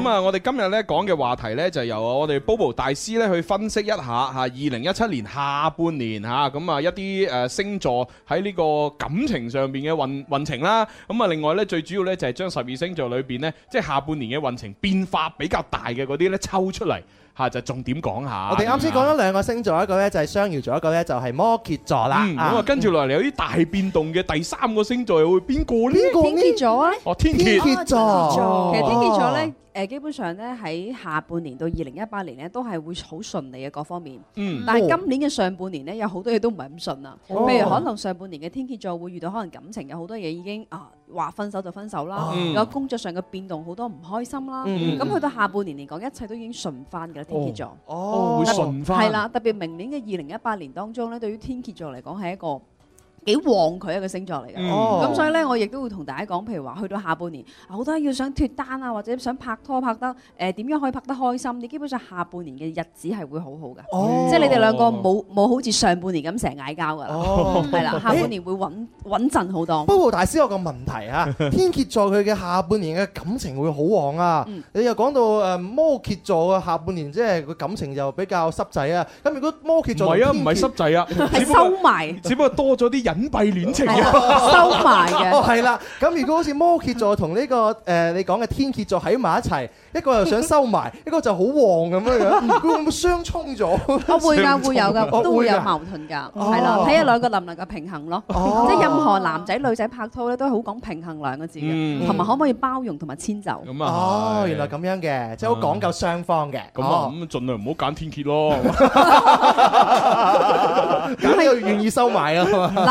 咁、嗯、啊，我哋今日咧講嘅話題咧，就是、由我哋 Bobo 大師咧去分析一下吓，二零一七年下半年吓，咁啊，啊，啊一啲誒、啊、星座喺呢個感情上邊嘅運運程啦。咁、嗯嗯嗯、啊，另外咧最主要咧就係將十二星座裏邊咧，即係下半年嘅運程變化比較大嘅嗰啲咧抽出嚟吓，就重點講下。我哋啱先講咗兩個星座，一個咧就係雙魚座，一個咧就係摩羯座啦。咁啊，跟住落嚟有啲大變動嘅第三個星座又會邊個咧？邊個咧？天蠍座啊！哦，天蠍、哦就是天蠍座，哦、座。座。其實天蠍座咧。基本上咧喺下半年到二零一八年咧都係會好順利嘅各方面。嗯、但係今年嘅上半年咧有好多嘢都唔係咁順啊。譬、哦、如可能上半年嘅天蠍座會遇到可能感情嘅好多嘢已經啊話分手就分手啦。有、嗯、工作上嘅變動好多唔開心啦。咁去、嗯嗯、到下半年嚟講，一切都已經順翻嘅啦。天蠍座哦，哦會順翻。係啦，特別明年嘅二零一八年當中咧，對於天蠍座嚟講係一個幾旺佢一個星座嚟㗎，咁所以呢，我亦都會同大家講，譬如話去到下半年，好多人要想脫單啊，或者想拍拖拍得誒點樣可以拍得開心，你基本上下半年嘅日子係會好好㗎，即係你哋兩個冇冇好似上半年咁成日嗌交㗎啦，係啦，下半年會穩穩陣好多。不過大師有個問題啊，天蠍座佢嘅下半年嘅感情會好旺啊，你又講到誒摩羯座嘅下半年即係個感情就比較濕滯啊，咁如果摩羯座唔係啊，唔係濕滯啊，係收埋，只不過多咗啲人。隱蔽戀情啊，收埋嘅哦，係啦。咁如果好似摩羯座同呢個誒你講嘅天蠍座喺埋一齊，一個又想收埋，一個就好旺咁樣，會唔會相沖咗？我會噶，會有噶，都會有矛盾噶，係啦，睇下兩個能唔能夠平衡咯。即係任何男仔女仔拍拖咧，都係好講平衡兩個字嘅，同埋可唔可以包容同埋遷就？咁啊，哦，原來咁樣嘅，即係好講究雙方嘅。咁啊，咁儘量唔好揀天蠍咯。咁你又願意收埋啊？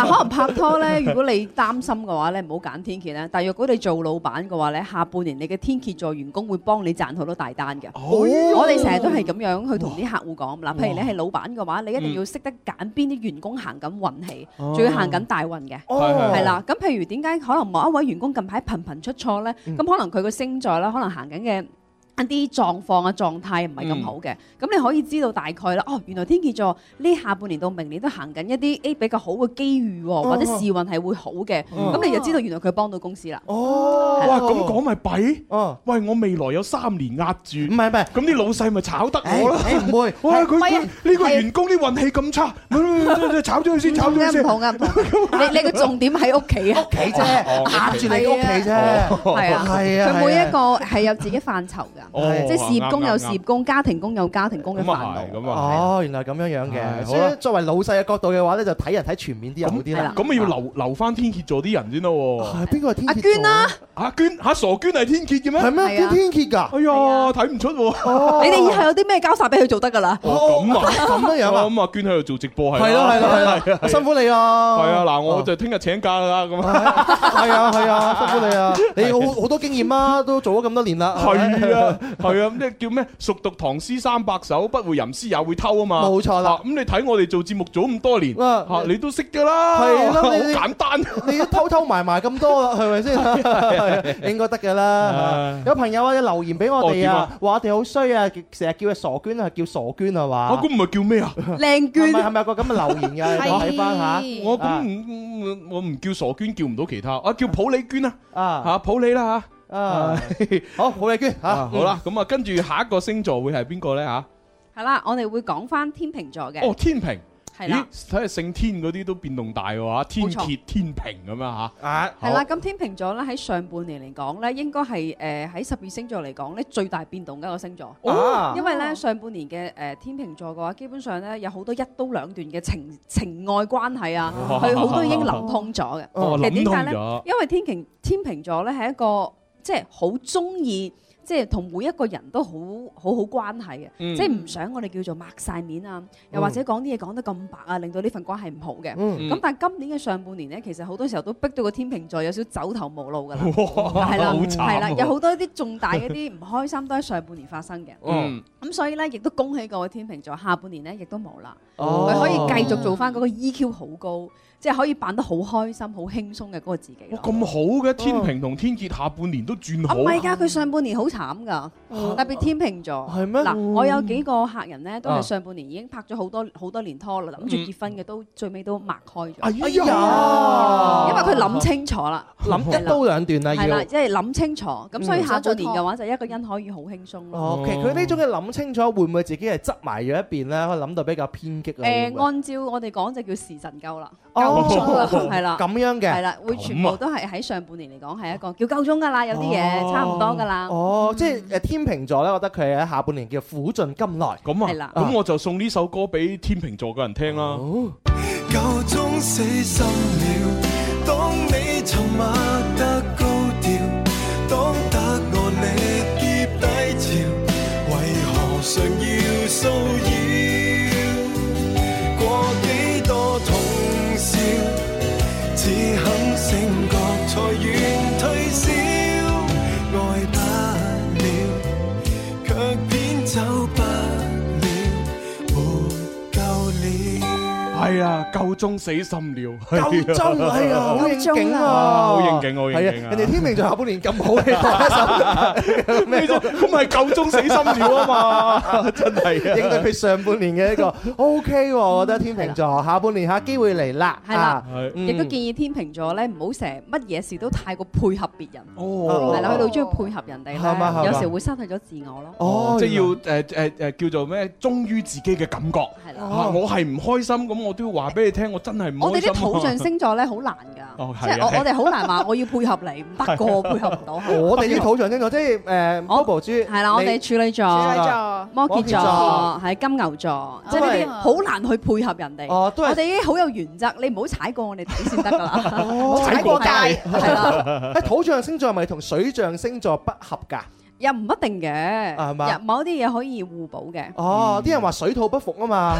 可能拍拖咧，如果你擔心嘅話咧，唔好揀天蠍啦。但係若果你做老闆嘅話咧，下半年你嘅天蠍座員工會幫你賺好多大單嘅。Oh、<yeah. S 2> 我哋成日都係咁樣去同啲客戶講嗱，oh、<yeah. S 2> 譬如你係老闆嘅話，你一定要識得揀邊啲員工行緊運氣，仲、oh、<yeah. S 2> 要行緊大運嘅。係、oh yeah. oh yeah. 啦，咁譬如點解可能某一位員工近排頻頻出錯咧？咁、oh、<yeah. S 2> 可能佢個星座啦，可能行緊嘅。啲狀況啊，狀態唔係咁好嘅，咁你可以知道大概啦。哦，原來天蠍座呢，下半年到明年都行緊一啲誒比較好嘅機遇，或者時運係會好嘅。咁你就知道原來佢幫到公司啦。哦，哇，咁講咪弊哦。喂，我未來有三年壓住，唔係唔係，咁啲老細咪炒得我咯。唔會？哇，佢呢個員工啲運氣咁差，炒咗佢先，炒咗佢先唔好啊。咁你嘅重點喺屋企啊？屋企啫，壓住你屋企啫。係啊，係啊，佢每一個係有自己範疇㗎。即係事業工有事業工，家庭工有家庭工嘅煩惱。哦，原來咁樣樣嘅。所以作為老細嘅角度嘅話咧，就睇人睇全面啲好啲。係啦，咁啊要留留翻天蠍座啲人先咯。邊個天？阿娟啊？阿娟吓傻娟係天蠍嘅咩？係咩？天天蠍噶。哎呀，睇唔出。你哋以後有啲咩交晒俾佢做得噶啦？咁啊，咁啊樣啊。咁啊，娟喺度做直播係。係啦係啦係啦。辛苦你啊！係啊，嗱，我就聽日請假啦。咁。係啊係啊，辛苦你啊！你好好多經驗啊，都做咗咁多年啦。係啊。係啊，即係叫咩？熟讀唐詩三百首，不會吟詩也會偷啊嘛。冇錯啦。咁你睇我哋做節目做咁多年，吓你都識噶啦，係啦，好簡單，你都偷偷埋埋咁多啦，係咪先？係啊，應該得噶啦。有朋友啊，有留言俾我哋啊，話我哋好衰啊，成日叫佢傻娟啊，叫傻娟係嘛？啊，咁唔係叫咩啊？靚娟係咪有個咁嘅留言嘅？睇翻吓，我咁唔，我唔叫傻娟，叫唔到其他，我叫普洱娟啊。啊，吓普洱啦吓。啊，好，好嘅娟吓，好啦，咁啊，跟住下一個星座會係邊個咧吓？係啦，我哋會講翻天秤座嘅。哦，天秤，係啦，睇下姓天嗰啲都變動大嘅話，天蠍、天秤咁樣吓。啊，係啦，咁天秤座咧喺上半年嚟講咧，應該係誒喺十二星座嚟講咧最大變動嘅一個星座。哦，因為咧上半年嘅誒天秤座嘅話，基本上咧有好多一刀兩斷嘅情情愛關係啊，佢好多已經諗通咗嘅。哦，點解咧？因為天秤天秤座咧係一個。即係好中意，即係同每一個人都好好好關係嘅，嗯、即係唔想我哋叫做擘晒面啊，嗯、又或者講啲嘢講得咁白啊，令到呢份關係唔好嘅。咁、嗯、但係今年嘅上半年呢，其實好多時候都逼到個天秤座有少少走投無路㗎啦，係啦，係啦，有好多啲重大嗰啲唔開心都喺上半年發生嘅。咁、嗯嗯嗯、所以呢，亦都恭喜過個天秤座下半年呢，亦都冇啦，哦嗯、佢可以繼續做翻嗰個 EQ 好高。即係可以扮得好開心、好輕鬆嘅嗰個自己。咁好嘅天平同天蠍下半年都轉好。唔係㗎，佢上半年好慘㗎，特別天秤座。係咩？嗱，我有幾個客人咧，都係上半年已經拍咗好多好多年拖啦，諗住結婚嘅都最尾都擘開咗。哎呀！因為佢諗清楚啦。諗一刀兩斷啦，係啦，即係諗清楚，咁所以下半年嘅話就一個人可以好輕鬆咯。OK，佢呢種嘅諗清楚，會唔會自己係執埋咗一邊咧？可以諗到比較偏激啊？誒，按照我哋講就叫時辰夠啦，夠鐘啦，係啦，咁樣嘅，係啦，會全部都係喺上半年嚟講係一個叫夠鐘噶啦，有啲嘢差唔多噶啦。哦，即係誒天秤座咧，覺得佢喺下半年叫苦盡甘來，咁啊，咁我就送呢首歌俾天秤座嘅人聽啦。沉默得高調，當得我力竭低潮，為何尚要訴？啊！夠鐘死心了，夠鐘係啊，好應景啊，好應景，好應景啊！人哋天秤座下半年咁好嘅，咁咪夠鐘死心了啊嘛！真係應對佢上半年嘅一個 OK 喎，我覺得天秤座下半年吓機會嚟啦，係啦，亦都建議天秤座咧唔好成日乜嘢事都太過配合別人，係啦，佢哋好中意配合人哋，有時會失去咗自我咯。哦，即係要誒誒誒叫做咩忠於自己嘅感覺係啦，我係唔開心咁我都。話俾你聽，我真係唔開心。我哋啲土象星座咧好難㗎，即係我我哋好難話我要配合你，不過配合唔到。我哋啲土象星座即係誒，摩布豬係啦，我哋處女座、摩羯座、係金牛座，即係呢啲好難去配合人哋。我哋依啲好有原則，你唔好踩過我哋睇先得㗎啦，踩過界係啦。誒，土象星座係咪同水象星座不合㗎？又唔一定嘅，有某啲嘢可以互補嘅。哦，啲人話水土不服啊嘛，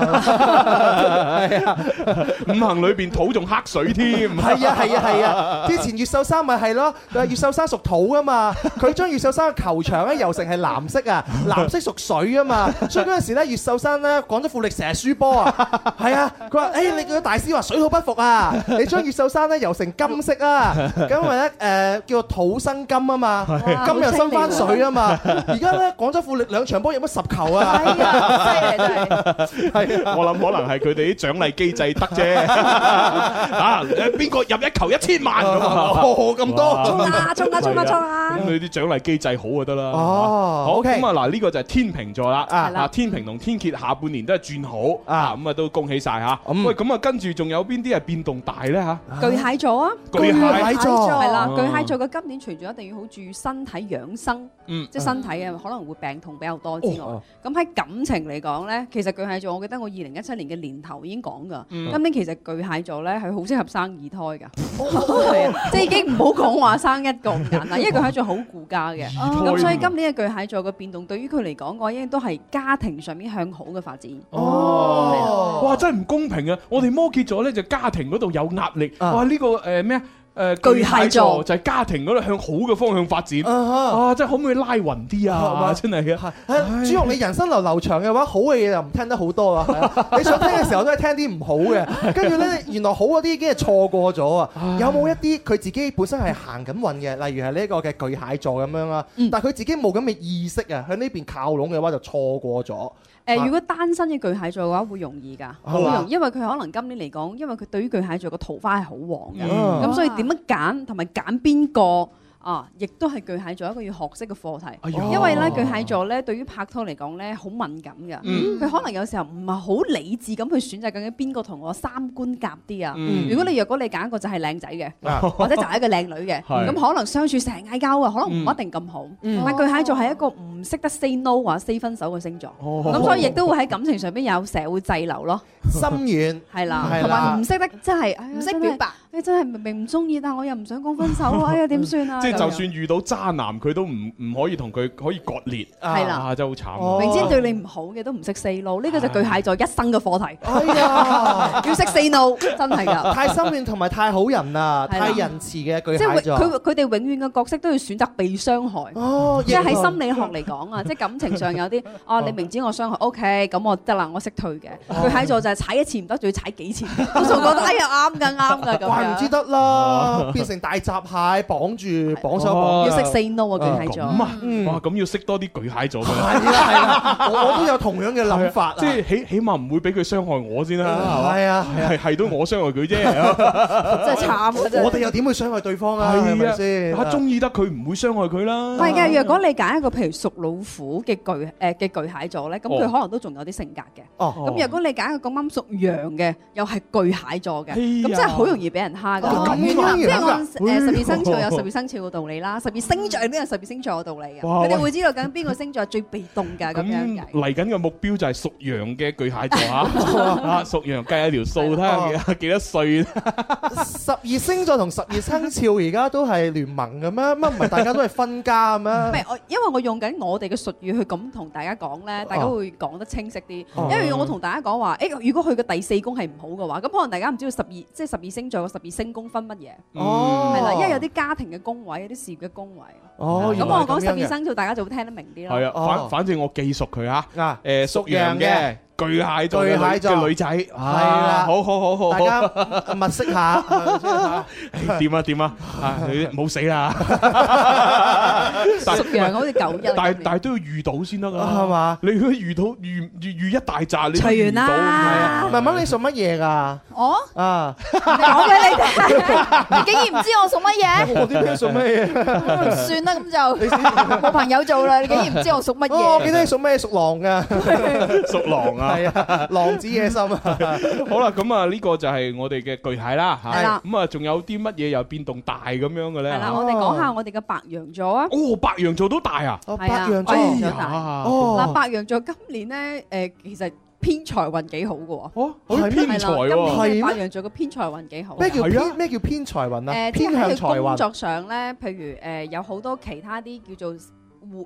五行裏邊土仲剋水添。係啊係啊係啊！之前越秀山咪係咯，佢話越秀山屬土啊嘛，佢將越秀山嘅球場咧油成係藍色啊，藍色屬水啊嘛，所以陣時咧越秀山咧廣州富力成日輸波啊，係啊，佢話，誒，你個大師話水土不服啊，你將越秀山咧油成金色啊，因為咧，誒，叫土生金啊嘛，金又生翻水啊。嘛，而家咧廣州富力兩場波有乜十球啊？係啊，真係真係。我諗可能係佢哋啲獎勵機制得啫。啊，邊個入一球一千萬咁咁多，中啊，中啊，中啊，中啊！咁你啲獎勵機制好就得啦。哦，好。咁啊，嗱呢個就係天秤座啦。啊，天秤同天蠍下半年都係轉好。啊，咁啊都恭喜晒。嚇。咁啊跟住仲有邊啲係變動大咧嚇？巨蟹座啊，巨蟹座係啦，巨蟹座嘅今年除咗一定要好注意身體養生。即係身體嘅可能會病痛比較多之外，咁喺、oh, oh. 感情嚟講呢，其實巨蟹座，我記得我二零一七年嘅年頭已經講噶，mm. 今年其實巨蟹座呢，係好適合生二胎噶、oh. ，即係已經唔好講話生一個人啦，因為巨蟹座好顧家嘅，咁、oh. 所以今年嘅巨蟹座嘅變動對於佢嚟講嘅話，應該都係家庭上面向好嘅發展。Oh. 哦，哇，真係唔公平啊！我哋摩羯座呢，就家庭嗰度有壓力，哇，呢、呢個誒咩、呃呃巨蟹座就係家庭嗰度向好嘅方向發展，啊，真係可唔可以拉勻啲啊？係嘛，真係嘅。主要你人生流流長嘅話，好嘅嘢就唔聽得好多啦。你想聽嘅時候都係聽啲唔好嘅，跟住呢，原來好嗰啲已經係錯過咗啊！有冇一啲佢自己本身係行緊運嘅，例如係呢個嘅巨蟹座咁樣啦，但係佢自己冇咁嘅意識啊，向呢邊靠攏嘅話就錯過咗。呃、如果單身嘅巨蟹座嘅話，會容易㗎，會、啊、容易，因為佢可能今年嚟講，因為佢對於巨蟹座個桃花係好旺嘅，咁所以點樣揀同埋揀邊個？啊！亦都係巨蟹座一個要學識嘅課題，因為咧巨蟹座咧對於拍拖嚟講咧好敏感嘅，佢可能有時候唔係好理智咁去選擇究竟邊個同我三觀夾啲啊？如果你若果你揀一個就係靚仔嘅，或者就係一個靚女嘅，咁可能相處成日嗌交啊，可能唔一定咁好。但巨蟹座係一個唔識得 say no 或者 say 分手嘅星座，咁所以亦都會喺感情上邊有社會滯留咯，心軟係啦，同埋唔識得真係唔識表白。你真係明明唔中意，但我又唔想講分手。哎呀，點算啊？即係就算遇到渣男，佢都唔唔可以同佢可以割裂啊！真係好慘。明知對你唔好嘅都唔識四路，呢個就巨蟹座一生嘅課題。係啊，要識四路，真係噶！太心軟同埋太好人啊，太仁慈嘅巨蟹座。即係佢佢哋永遠嘅角色都要選擇被傷害。哦，即係喺心理學嚟講啊，即係感情上有啲哦，你明知我傷害，OK，咁我得啦，我識退嘅。巨蟹座就係踩一次唔得，仲要踩幾次，我仲覺得哎呀啱㗎啱㗎咁。唔知得啦，變成大閘蟹，綁住綁手綁腳，要識 say no，巨蟹座。哇，咁要識多啲巨蟹座嘅。係啦係啦，我都有同樣嘅諗法。即係起起碼唔會俾佢傷害我先啦，係咪啊？係係到我傷害佢啫。真係慘，我哋又點會傷害對方啊？係咪先？中意得佢唔會傷害佢啦。係嘅，若果你揀一個譬如屬老虎嘅巨誒嘅巨蟹座咧，咁佢可能都仲有啲性格嘅。哦。咁若果你揀一個咁啱屬羊嘅，又係巨蟹座嘅，咁真係好容易俾人。下即係我十二生肖有十二生肖嘅道理啦，十二星座都有十二星座嘅道理嘅。佢哋會知道緊邊個星座最被動㗎，咁樣嚟緊嘅目標就係屬羊嘅巨蟹座嚇，嚇屬羊計下條數，睇下幾多歲。十二星座同十二生肖而家都係聯盟嘅咩？乜唔係大家都係分家咁樣？唔係我，因為我用緊我哋嘅術語去咁同大家講咧，大家會講得清晰啲。因為我同大家講話誒，如果佢嘅第四宮係唔好嘅話，咁可能大家唔知道十二即係十二星座嘅十二星宮分乜嘢？哦，係啦，因為有啲家庭嘅宮位，有啲事業嘅宮位。哦，咁我講十二生肖，大家就會聽得明啲啦。係啊，反反正我記熟佢吓。啊，誒、呃，屬羊嘅。巨蟹座，嘅女仔，係啦，好好好好，大家物色下，點啊點啊，你冇死啦，屬羊好似狗嘅，但係但係都要遇到先得噶，係嘛？你如果遇到遇遇遇一大扎，隨緣啦。媽媽，你屬乜嘢噶？我啊，講俾你聽，你竟然唔知我屬乜嘢？我啲咩屬乜嘢？唔算啦，咁就冇朋友做啦。你竟然唔知我屬乜嘢？哦，我記得你屬咩？屬狼噶，屬狼啊！係啊，狼 子野心啊！好啦，咁啊呢個就係我哋嘅具體啦。係啦，咁啊仲有啲乜嘢又變動大咁樣嘅咧？係啦，我哋講下我哋嘅白羊座啊。哦，白羊座都大啊、哦！白羊座大、哎、哦。嗱，白羊座今年咧，誒其實偏財運幾好嘅。哦，係咩財？係、啊、今年嘅白羊座嘅偏財運幾好。咩叫偏咩、啊、叫偏財運啊？偏向財運。呃就是、工作上咧，譬如誒有好多其他啲叫做。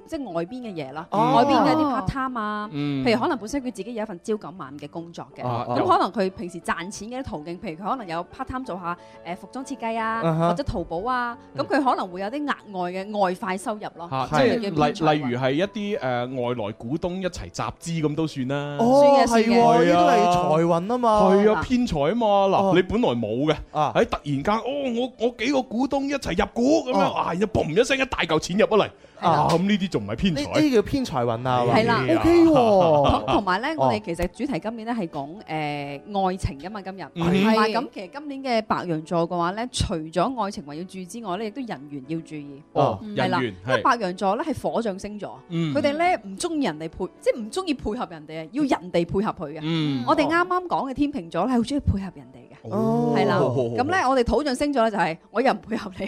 即係外邊嘅嘢啦，外邊嘅啲 part time 啊，譬如可能本身佢自己有一份朝九晚嘅工作嘅，咁可能佢平時賺錢嘅啲途徑，譬如佢可能有 part time 做下誒服裝設計啊，或者淘寶啊，咁佢可能會有啲額外嘅外快收入咯。即係例如係一啲誒外來股東一齊集資咁都算啦。哦，係喎，呢啲係財運啊嘛。係啊，偏財啊嘛。嗱，你本來冇嘅，喺突然間，哦，我我幾個股東一齊入股咁樣，然後嘣一聲一大嚿錢入咗嚟。啊！咁呢啲仲唔係偏財？呢呢叫偏財運啊！係啦，O K 喎。同埋咧，我哋其實主題今年咧係講誒愛情噶嘛。今日係咁，其實今年嘅白羊座嘅話咧，除咗愛情運要注意之外咧，亦都人員要注意。哦，人員，因為白羊座咧係火象星座，佢哋咧唔中意人哋配，即係唔中意配合人哋啊，要人哋配合佢嘅。我哋啱啱講嘅天秤座咧，好中意配合人哋。哦，係啦，咁咧我哋土象星座咧就係我又唔配合你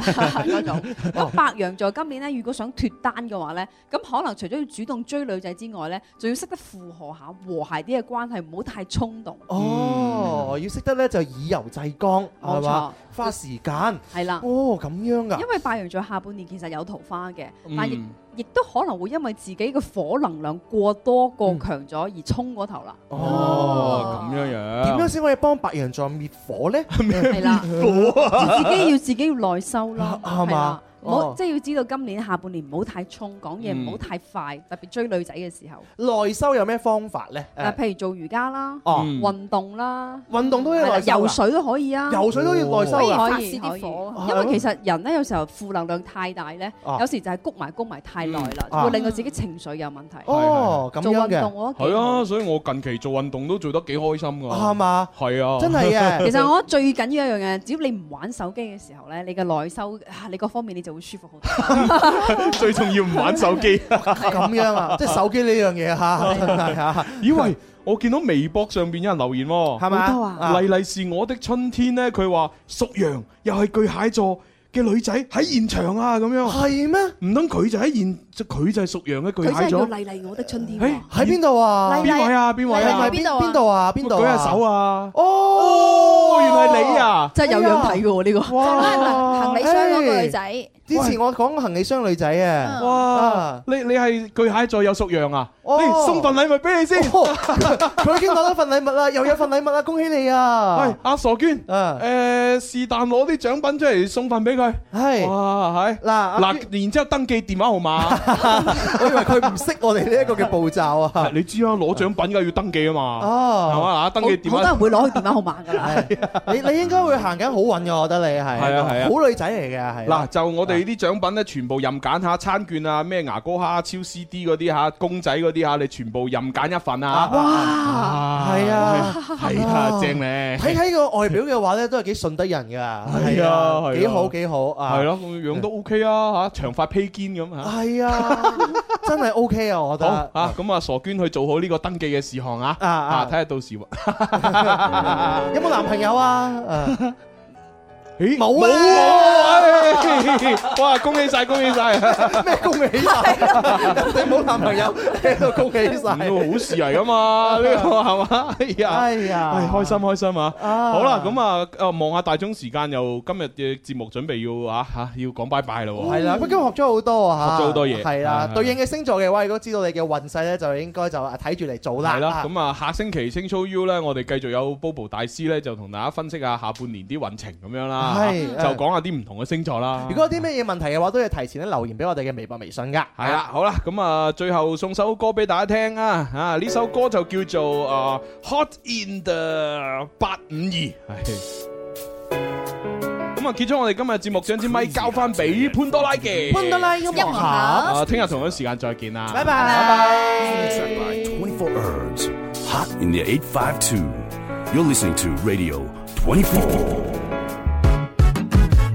嗰種。咁 白羊座今年咧，如果想脫單嘅話咧，咁可能除咗要主動追女仔之外咧，仲要識得符合下和諧啲嘅關係，唔好太衝動。嗯、哦，嗯、要識得咧就以柔制剛，係嘛？花時間。係啦。哦，咁樣噶、啊。因為白羊座下半年其實有桃花嘅，但係、嗯。亦都可能會因為自己嘅火能量過多過強咗而衝過頭啦。哦，咁、啊、樣樣點樣先可以幫白羊座滅火咧？係咪？係 啦，自己 要自己要，自己要自己內修咯，係嘛 ？唔好，即係要知道今年下半年唔好太衝，講嘢唔好太快，特別追女仔嘅時候。內收有咩方法咧？嗱，譬如做瑜伽啦，運動啦，運動都要內收啦。游水都可以啊，游水都要內收啊，可以發泄啲火。因為其實人咧有時候負能量太大咧，有時就係谷埋谷埋太耐啦，會令到自己情緒有問題。哦，咁樣嘅。做運動我係啊，所以我近期做運動都做得幾開心㗎。啱啊，係啊，真係嘅。其實我覺得最緊要一樣嘢，只要你唔玩手機嘅時候咧，你嘅內收嚇，你各方面你。好舒服好多，最重要唔玩手機，咁樣啊，即係手機呢樣嘢吓。以為我見到微博上邊有人留言喎，係咪？麗麗是我的春天咧，佢話屬羊又係巨蟹座嘅女仔喺現場啊，咁樣係咩？唔通佢就喺現，佢就係屬羊嘅巨蟹座。佢真係叫麗麗我的春天。喺邊度啊？邊位啊？邊位啊？邊度啊？邊度啊？舉下手啊！哦，原嚟係你啊，真係有樣睇嘅呢個，行李箱嗰個女仔？之前我講行李箱女仔啊！哇！你你係巨蟹座有屬羊啊？我送份禮物俾你先。佢已經攞咗份禮物啦，又有份禮物啦，恭喜你啊！喂，阿傻娟，誒是但攞啲獎品出嚟送份俾佢。係哇，係嗱嗱，然之後登記電話號碼。我以為佢唔識我哋呢一個嘅步驟啊！你知啊，攞獎品㗎要登記啊嘛。哦，係嘛嗱，登記電話。好多人會攞佢電話號碼㗎啦。你你應該會行緊好運㗎，我覺得你係。係啊係啊，好女仔嚟嘅係。嗱就我哋。你啲獎品咧，全部任揀下餐券啊，咩牙膏啊，超 CD 啲吓，公仔嗰啲吓，你全部任揀一份啊！哇，係啊，係啊，正咧！睇睇個外表嘅話咧，都係幾順得人噶，係啊，幾好幾好啊，係咯，咁樣都 OK 啊吓，長髮披肩咁吓，係啊，真係 OK 啊，我覺得啊，咁啊傻娟去做好呢個登記嘅事項啊，啊，睇下到時有冇男朋友啊？咦，冇咩？哇！恭喜晒，恭喜晒！咩恭喜晒？你冇男朋友，喺度恭喜晒，好事嚟噶嘛。呢個係嘛？哎呀，係開心開心嘛？好啦，咁啊，望下大鐘時間，又今日嘅節目準備要啊吓，要講拜拜咯。係啦，咁今日學咗好多啊吓，學咗好多嘢。係啦，對應嘅星座嘅話，如果知道你嘅運勢咧，就應該就睇住嚟做啦。係啦，咁啊，下星期星操 u 咧，我哋繼續有 Bobo 大師咧，就同大家分析下下半年啲運程咁樣啦。係就講下啲唔同嘅星座啦。如果有啲咩嘢問題嘅話，都要提前咧留言俾我哋嘅微博、微信噶。係啦，好啦，咁啊，最後送首歌俾大家聽啊！啊，呢首歌就叫做《啊 Hot in the 八五二》。咁啊，結束我哋今日節目，將支咪交翻俾潘多拉嘅潘多拉，一下，聽日同樣時間再見啦，拜拜，拜拜。